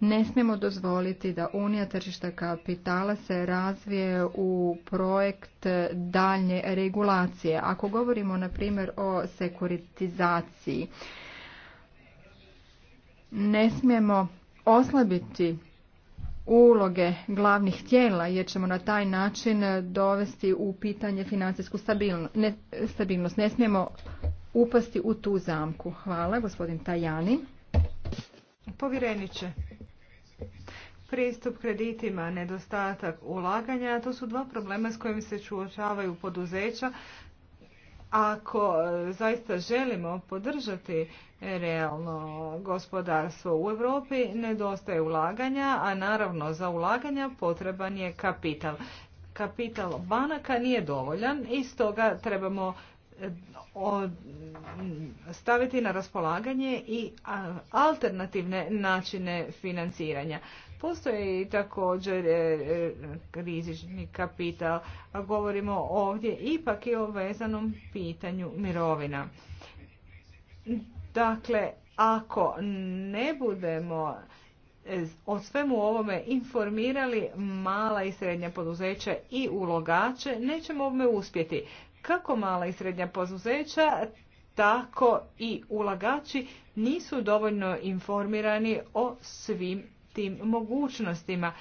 Ne smijemo dozvoliti da Unija tržišta kapitala se razvije u projekt daljnje regulacije. Ako govorimo, na primjer, o sekuritizaciji, ne smijemo oslabiti uloge glavnih tijela jer ćemo na taj način dovesti u pitanje financijsku stabilnost. Ne, smijemo upasti u tu zamku. Hvala, gospodin Tajani. Povjereniče, pristup kreditima, nedostatak ulaganja, to su dva problema s kojim se suočavaju poduzeća ako e, zaista želimo podržati realno gospodarstvo u Europi, nedostaje ulaganja, a naravno za ulaganja potreban je kapital. Kapital banaka nije dovoljan i stoga trebamo e, staviti na raspolaganje i alternativne načine financiranja. Postoje i također e, e, rizični kapital, a govorimo ovdje ipak i o vezanom pitanju mirovina. Dakle, ako ne budemo e, o svemu ovome informirali mala i srednja poduzeća i ulogače, nećemo ovome uspjeti. Kako mala i srednja poduzeća, tako i ulagači nisu dovoljno informirani o svim tim mogućnostima.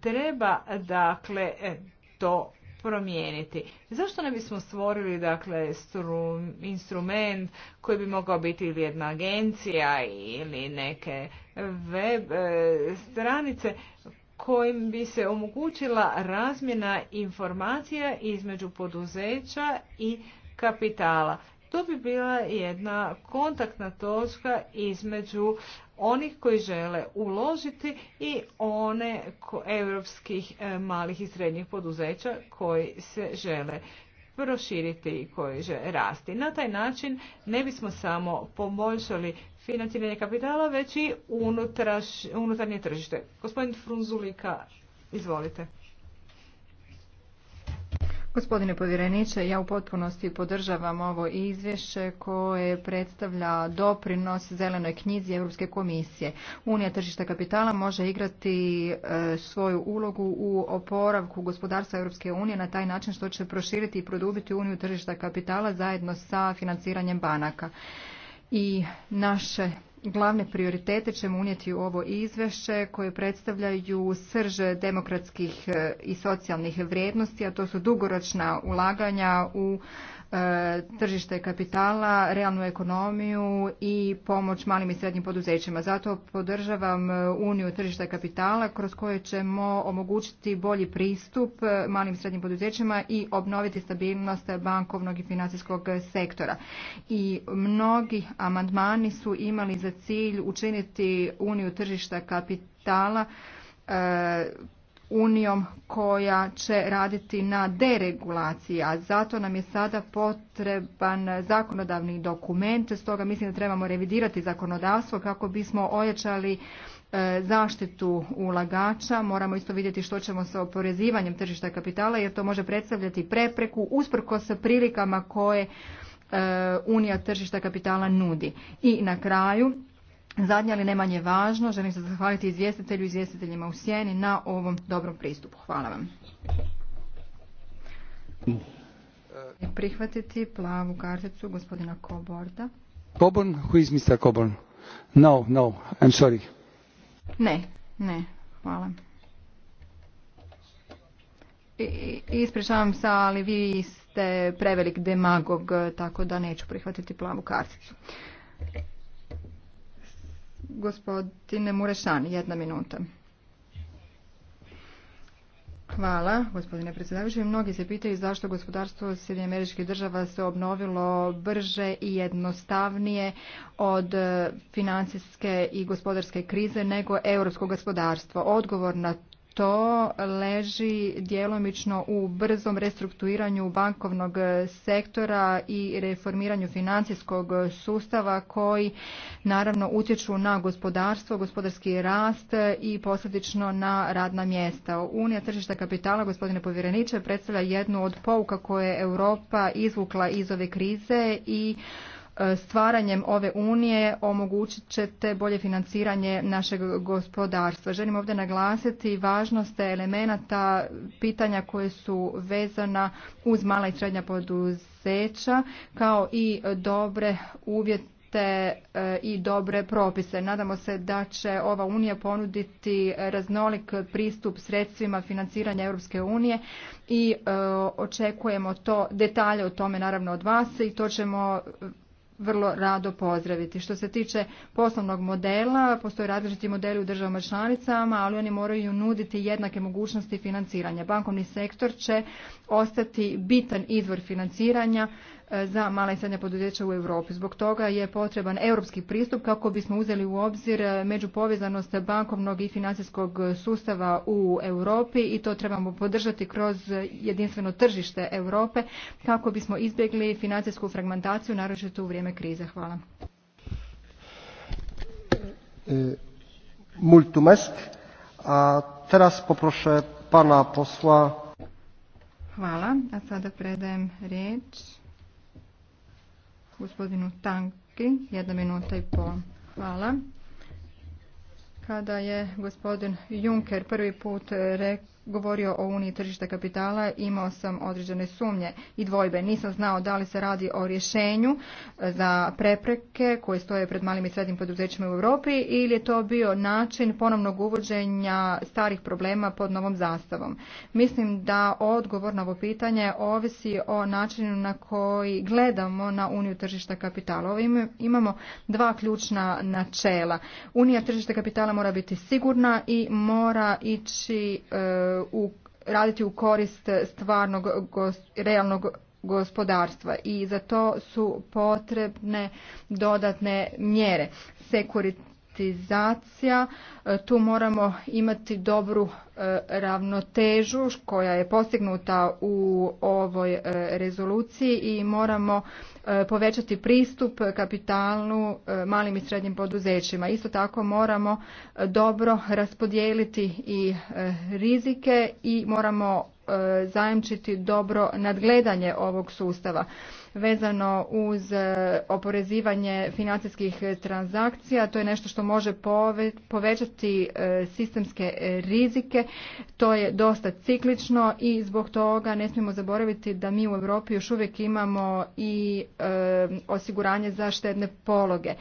Treba dakle e, to promijeniti. Zašto ne bismo stvorili dakle stru, instrument koji bi mogao biti ili jedna agencija ili neke web e, stranice kojim bi se omogućila razmjena informacija između poduzeća i kapitala. To bi bila jedna kontaktna točka između onih koji žele uložiti i one europskih e, malih i srednjih poduzeća koji se žele proširiti i koji žele rasti. Na taj način ne bismo samo poboljšali financiranje kapitala, već i unutarnje tržište. Gospodin Frunzulika, izvolite. Gospodine povjereniče, ja u potpunosti podržavam ovo izvješće koje predstavlja doprinos zelenoj knjizi Europske komisije. Unija tržišta kapitala može igrati e, svoju ulogu u oporavku gospodarstva Europske unije na taj način što će proširiti i produbiti Uniju tržišta kapitala zajedno sa financiranjem banaka. I naše Glavne prioritete ćemo unijeti u ovo izvješće koje predstavljaju srž demokratskih e, i socijalnih vrijednosti, a to su dugoročna ulaganja u E, tržište kapitala, realnu ekonomiju i pomoć malim i srednjim poduzećima. Zato podržavam Uniju tržišta kapitala kroz koje ćemo omogućiti bolji pristup malim i srednjim poduzećima i obnoviti stabilnost bankovnog i financijskog sektora. I mnogi amandmani su imali za cilj učiniti Uniju tržišta kapitala e, unijom koja će raditi na deregulaciji, a zato nam je sada potreban zakonodavni dokument, stoga mislim da trebamo revidirati zakonodavstvo kako bismo ojačali e, zaštitu ulagača, moramo isto vidjeti što ćemo sa oporezivanjem tržišta kapitala jer to može predstavljati prepreku usprkos prilikama koje e, Unija tržišta kapitala nudi. I na kraju zadnje ali ne manje važno, želim se zahvaliti izvjestitelju i izvjestiteljima u Sjeni na ovom dobrom pristupu. Hvala vam. Mm. E, prihvatiti plavu karticu gospodina Koborda. Koborn? Who is No, no, I'm sorry. Ne, ne, hvala. ispričavam se, ali vi ste prevelik demagog, tako da neću prihvatiti plavu karticu. Gospodine Murešan, jedna minuta. Hvala, gospodine predsjedavajući. Mnogi se pitaju zašto gospodarstvo Sjedinje američkih država se obnovilo brže i jednostavnije od eh, financijske i gospodarske krize nego europsko gospodarstvo. Odgovor na to leži djelomično u brzom restrukturiranju bankovnog sektora i reformiranju financijskog sustava koji naravno utječu na gospodarstvo, gospodarski rast i posljedično na radna mjesta. Unija tržišta kapitala, gospodine povjereniče, predstavlja jednu od pouka koje je Europa izvukla iz ove krize i E, stvaranjem ove unije omogućit ćete bolje financiranje našeg gospodarstva. Želim ovdje naglasiti važnost elemenata pitanja koje su vezana uz mala i srednja poduzeća kao i dobre uvjete e, i dobre propise. Nadamo se da će ova unija ponuditi raznolik pristup sredstvima financiranja Europske unije i e, očekujemo to detalje o tome naravno od vas i to ćemo vrlo rado pozdraviti. Što se tiče poslovnog modela, postoje različiti modeli u državama članicama, ali oni moraju nuditi jednake mogućnosti financiranja. Bankovni sektor će ostati bitan izvor financiranja E, za mala i srednja poduzeća u Europi. Zbog toga je potreban europski pristup kako bismo uzeli u obzir e, međupovezanost bankovnog i financijskog sustava u Europi i to trebamo podržati kroz jedinstveno tržište Europe kako bismo izbjegli financijsku fragmentaciju naročito u vrijeme krize. Hvala. E, multumesk. A teraz poproszę pana posła. Hvala. A sada predajem riječ gospodinu Tanki, jedna minuta i pol. Hvala. Kada je gospodin Juncker prvi put rekao govorio o Uniji tržišta kapitala imao sam određene sumnje i dvojbe. Nisam znao da li se radi o rješenju e, za prepreke koje stoje pred malim i srednjim poduzećima u Europi ili je to bio način ponovnog uvođenja starih problema pod novom zastavom. Mislim da odgovor na ovo pitanje ovisi o načinu na koji gledamo na Uniju tržišta kapitala. Ovo imamo dva ključna načela. Unija tržišta kapitala mora biti sigurna i mora ići e, u, raditi u korist stvarnog realnog gospodarstva i za to su potrebne dodatne mjere. Sekurit privatizacija. E, tu moramo imati dobru e, ravnotežu koja je postignuta u ovoj e, rezoluciji i moramo povećati pristup kapitalnu malim i srednjim poduzećima. Isto tako moramo dobro raspodijeliti i rizike i moramo zajamčiti dobro nadgledanje ovog sustava vezano uz e, oporezivanje financijskih transakcija. To je nešto što može povećati e, sistemske rizike. To je dosta ciklično i zbog toga ne smijemo zaboraviti da mi u Europi još uvijek imamo i e, osiguranje za štedne pologe.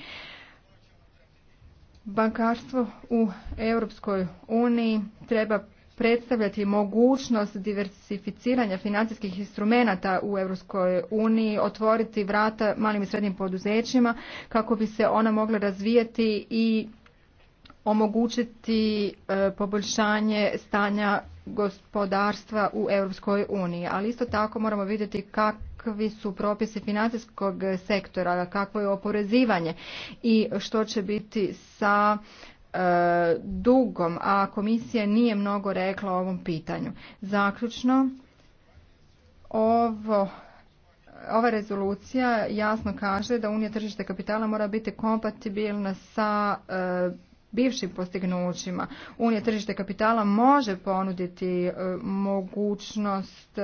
Bankarstvo u Europskoj uniji treba predstavljati mogućnost diversificiranja financijskih instrumenata u Europskoj uniji, otvoriti vrata malim i srednjim poduzećima kako bi se ona mogla razvijati i omogućiti e, poboljšanje stanja gospodarstva u Europskoj uniji. Ali isto tako moramo vidjeti kakvi su propisi financijskog sektora, kakvo je oporezivanje i što će biti sa E, dugom, a komisija nije mnogo rekla o ovom pitanju. Zaključno, ovo ova rezolucija jasno kaže da unija tržište kapitala mora biti kompatibilna sa e, bivšim postignućima. Unija tržište kapitala može ponuditi e, mogućnost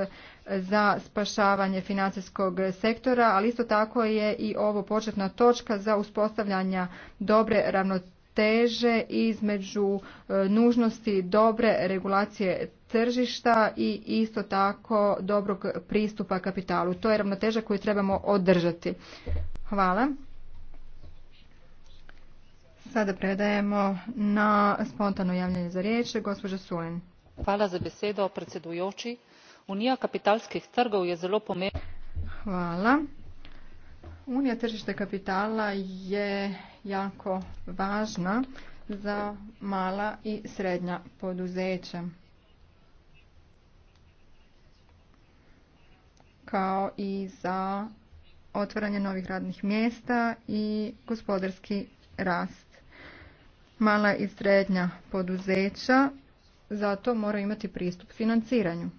za spašavanje financijskog sektora, ali isto tako je i ovo početna točka za uspostavljanje dobre ravnoteže teže između e, nužnosti dobre regulacije tržišta i isto tako dobrog pristupa kapitalu. To je ravnoteža koju trebamo održati. Hvala. Sada predajemo na spontano javljanje za riječ. Gospođa Sulin. Hvala za besedo, predsedujoči. Unija kapitalskih trgov je zelo pomembna. Hvala. Unija tržišta kapitala je jako važna za mala i srednja poduzeća. kao i za otvaranje novih radnih mjesta i gospodarski rast. Mala i srednja poduzeća zato mora imati pristup financiranju.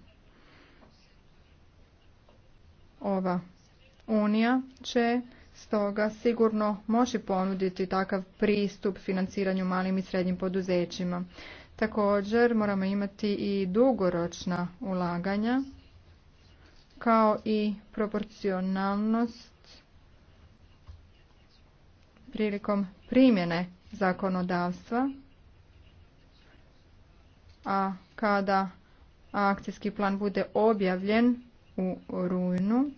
Ova unija će stoga sigurno može ponuditi takav pristup financiranju malim i srednjim poduzećima. Također moramo imati i dugoročna ulaganja kao i proporcionalnost prilikom primjene zakonodavstva, a kada akcijski plan bude objavljen u rujnu,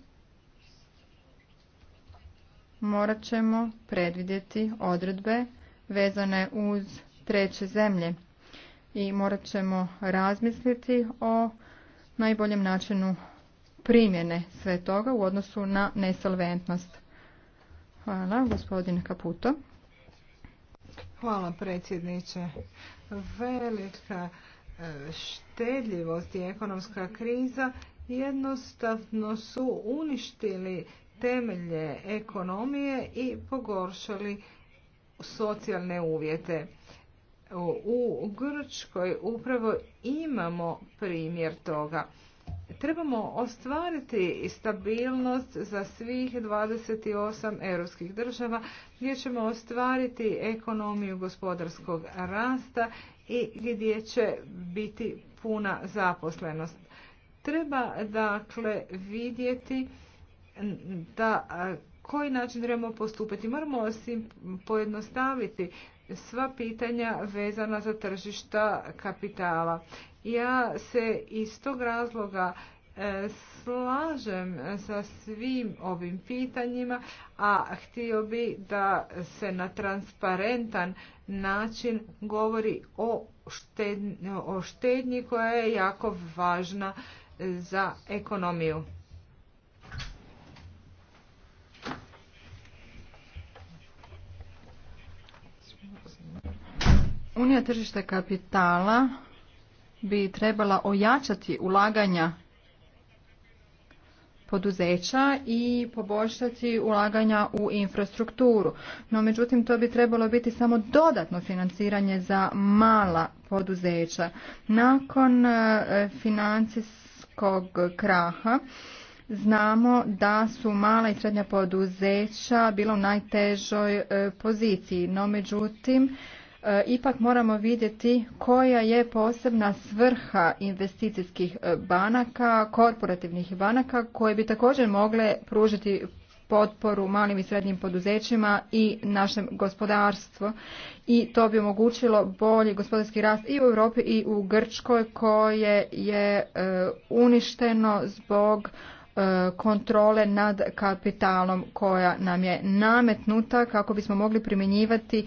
morat ćemo predvidjeti odredbe vezane uz treće zemlje i morat ćemo razmisliti o najboljem načinu primjene sve toga u odnosu na nesolventnost. Hvala, gospodin Kaputo. Hvala, predsjedniče. Velika e, štedljivost i ekonomska kriza jednostavno su uništili temelje ekonomije i pogoršali socijalne uvjete. U Grčkoj upravo imamo primjer toga. Trebamo ostvariti stabilnost za svih 28 europskih država gdje ćemo ostvariti ekonomiju gospodarskog rasta i gdje će biti puna zaposlenost. Treba dakle vidjeti da koji način trebamo postupati. Moramo osim pojednostaviti sva pitanja vezana za tržišta kapitala. Ja se iz tog razloga e, slažem sa svim ovim pitanjima, a htio bi da se na transparentan način govori o štednji, o štednji koja je jako važna za ekonomiju. Unija tržišta kapitala bi trebala ojačati ulaganja poduzeća i poboljšati ulaganja u infrastrukturu. No međutim to bi trebalo biti samo dodatno financiranje za mala poduzeća. Nakon e, financijskog kraha znamo da su mala i srednja poduzeća bila u najtežoj e, poziciji. No međutim E, ipak moramo vidjeti koja je posebna svrha investicijskih e, banaka, korporativnih banaka koje bi također mogle pružiti potporu malim i srednjim poduzećima i našem gospodarstvu i to bi omogućilo bolji gospodarski rast i u Europi i u Grčkoj koje je e, uništeno zbog kontrole nad kapitalom koja nam je nametnuta kako bismo mogli primjenjivati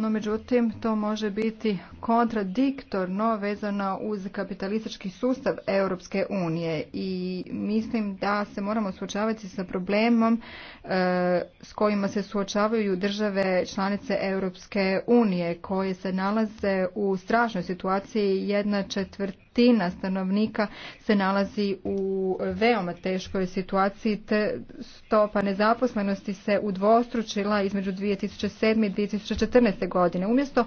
no međutim to može biti kontradiktorno vezano uz kapitalistički sustav Europske unije i mislim da se moramo suočavati sa problemom e, s kojima se suočavaju države članice Europske unije koje se nalaze u strašnoj situaciji jedna četvrt petina stanovnika se nalazi u veoma teškoj situaciji te stopa nezaposlenosti se udvostručila između 2007. i 2014. godine. Umjesto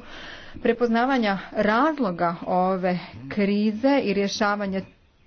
prepoznavanja razloga ove krize i rješavanja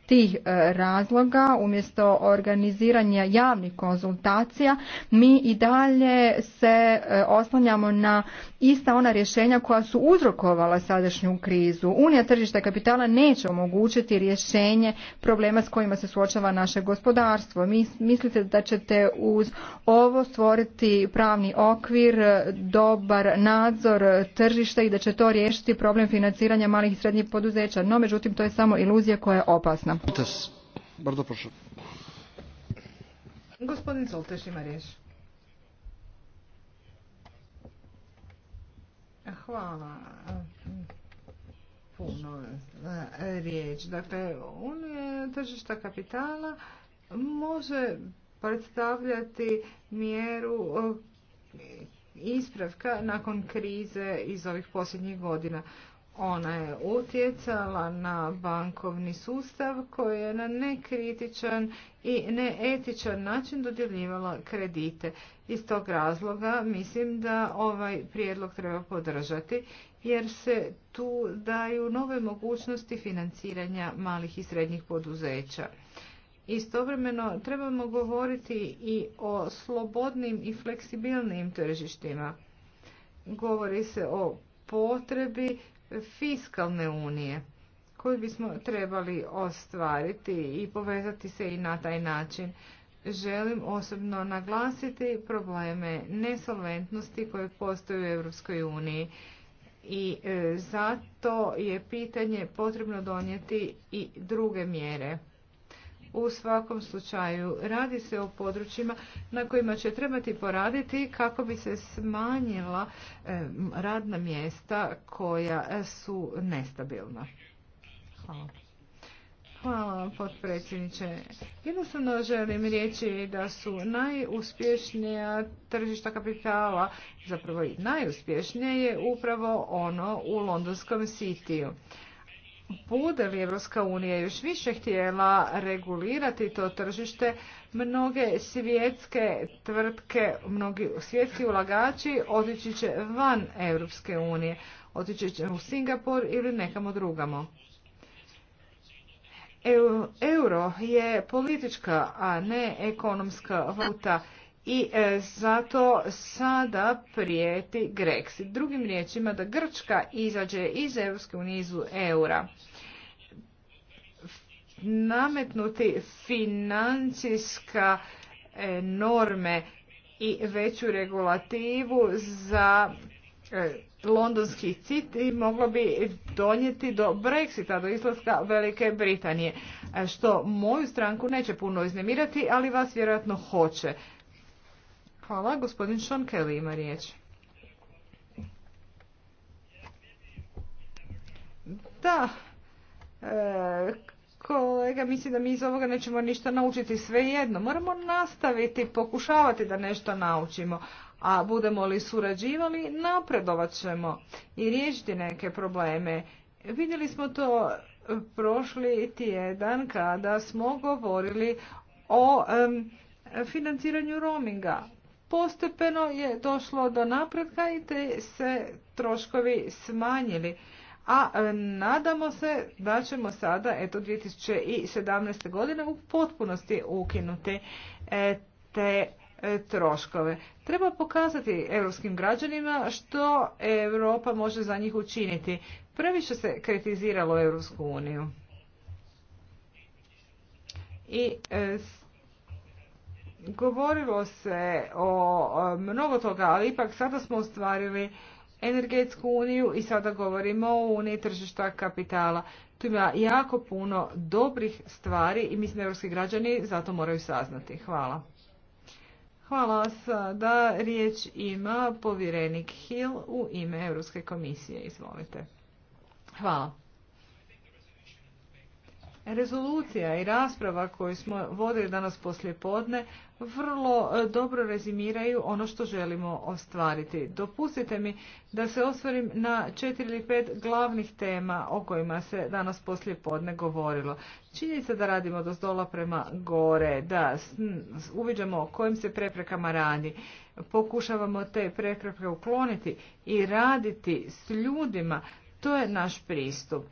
tih e, razloga, umjesto organiziranja javnih konzultacija, mi i dalje se e, oslanjamo na ista ona rješenja koja su uzrokovala sadašnju krizu. Unija tržišta kapitala neće omogućiti rješenje problema s kojima se suočava naše gospodarstvo. mislite da ćete uz ovo stvoriti pravni okvir, dobar nadzor tržišta i da će to riješiti problem financiranja malih i srednjih poduzeća. No, međutim, to je samo iluzija koja je opasna. Gospodin riječ. Hvala puno e, riječ. Dakle, unija tržišta kapitala može predstavljati mjeru e, ispravka nakon krize iz ovih posljednjih godina. Ona je utjecala na bankovni sustav koji je na nekritičan i neetičan način dodjeljivala kredite. Iz tog razloga mislim da ovaj prijedlog treba podržati jer se tu daju nove mogućnosti financiranja malih i srednjih poduzeća. Istovremeno trebamo govoriti i o slobodnim i fleksibilnim tržištima. Govori se o potrebi fiskalne unije koju bismo trebali ostvariti i povezati se i na taj način. Želim osobno naglasiti probleme nesolventnosti koje postoje u Europskoj uniji i e, zato je pitanje potrebno donijeti i druge mjere. U svakom slučaju radi se o područjima na kojima će trebati poraditi kako bi se smanjila radna mjesta koja su nestabilna. Hvala. Hvala, potpredsjedniče. Jednostavno želim reći da su najuspješnija tržišta kapitala, zapravo i najuspješnije je upravo ono u londonskom sitiju bude li Evropska unija još više htjela regulirati to tržište, mnoge svjetske tvrtke, mnogi svjetski ulagači otići će van Europske unije, otići će u Singapur ili nekamo drugamo. Euro je politička, a ne ekonomska valuta i e, zato sada prijeti Grexit. Drugim riječima da Grčka izađe iz Europske unije iz eura. Nametnuti financijska e, norme i veću regulativu za e, londonski citi moglo bi donijeti do Brexita, do izlaska Velike Britanije, što moju stranku neće puno iznemirati, ali vas vjerojatno hoće. Hvala. Gospodin Sean Kelly ima riječ. Da, e, kolega, mislim da mi iz ovoga nećemo ništa naučiti svejedno. Moramo nastaviti, pokušavati da nešto naučimo. A budemo li surađivali, napredovat ćemo i riješiti neke probleme. Vidjeli smo to prošli tjedan kada smo govorili o financiranju roaminga. Postepeno je došlo do napretka i te se troškovi smanjili. A e, nadamo se da ćemo sada, eto 2017. godine, u potpunosti ukinuti e, te e, troškove. Treba pokazati europskim građanima što Europa može za njih učiniti. Previše se kritiziralo Europsku uniju. I Govorilo se o mnogo toga, ali ipak sada smo ostvarili energetsku uniju i sada govorimo o uniji tržišta kapitala. Tu ima jako puno dobrih stvari i mislim da europski građani zato moraju saznati. Hvala. Hvala sada. Riječ ima povjerenik Hill u ime Europske komisije. Izvolite. Hvala. Rezolucija i rasprava koju smo vodili danas poslije podne vrlo e, dobro rezimiraju ono što želimo ostvariti. Dopustite mi da se osvarim na četiri ili pet glavnih tema o kojima se danas poslije podne govorilo. Činjenica da radimo do zdola prema gore, da uviđamo kojim se preprekama radi, pokušavamo te prepreke ukloniti i raditi s ljudima, to je naš pristup.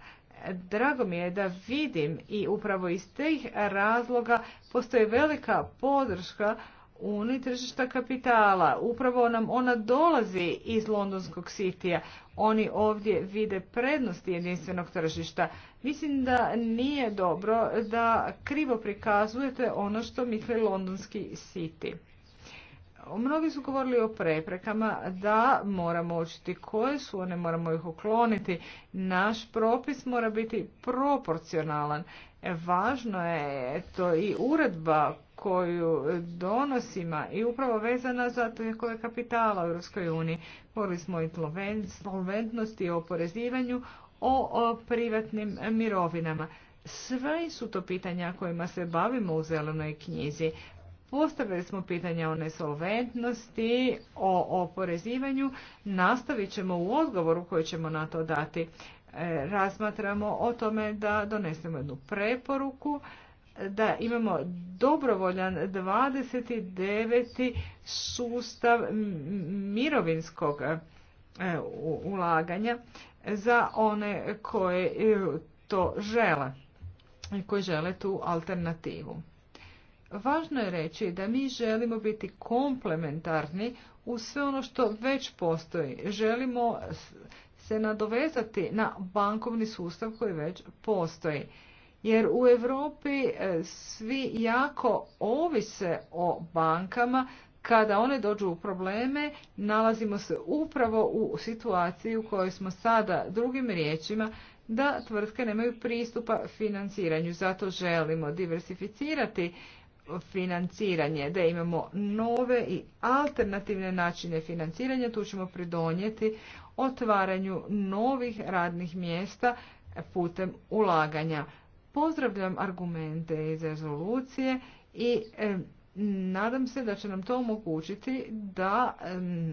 Drago mi je da vidim i upravo iz tih razloga postoji velika podrška Uniji tržišta kapitala. Upravo nam ona dolazi iz londonskog sitija. Oni ovdje vide prednosti jedinstvenog tržišta. Mislim da nije dobro da krivo prikazujete ono što misli londonski siti. Mnogi su govorili o preprekama da moramo učiti koje su one, moramo ih ukloniti. Naš propis mora biti proporcionalan. E, važno je to i uredba koju donosima i upravo vezana za koje kapitala u Europskoj uniji. Govorili smo i solventnosti, o oporezivanju, o privatnim mirovinama. Sve su to pitanja kojima se bavimo u zelenoj knjizi. Postavili smo pitanja o nesolventnosti, o oporezivanju. Nastavit ćemo u odgovoru koji ćemo na to dati. E, razmatramo o tome da donesemo jednu preporuku da imamo dobrovoljan 29. sustav mirovinskog e, ulaganja za one koje e, to žele, koji žele tu alternativu. Važno je reći da mi želimo biti komplementarni u sve ono što već postoji. Želimo se nadovezati na bankovni sustav koji već postoji. Jer u Europi e, svi jako ovise o bankama. Kada one dođu u probleme, nalazimo se upravo u situaciji u kojoj smo sada, drugim riječima, da tvrtke nemaju pristupa financiranju. Zato želimo diversificirati financiranje, da imamo nove i alternativne načine financiranja, tu ćemo pridonijeti otvaranju novih radnih mjesta putem ulaganja. Pozdravljam argumente iz rezolucije i nadam se da će nam to omogućiti da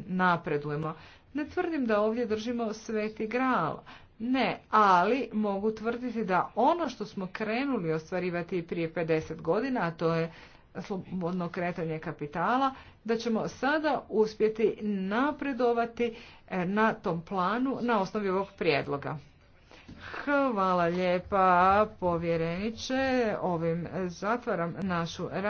napredujemo. Ne tvrdim da ovdje držimo sveti gral, ne, ali mogu tvrditi da ono što smo krenuli ostvarivati prije 50 godina, a to je slobodno kretanje kapitala, da ćemo sada uspjeti napredovati e, na tom planu na osnovi ovog prijedloga. Hvala lijepa povjereniče, ovim zatvaram našu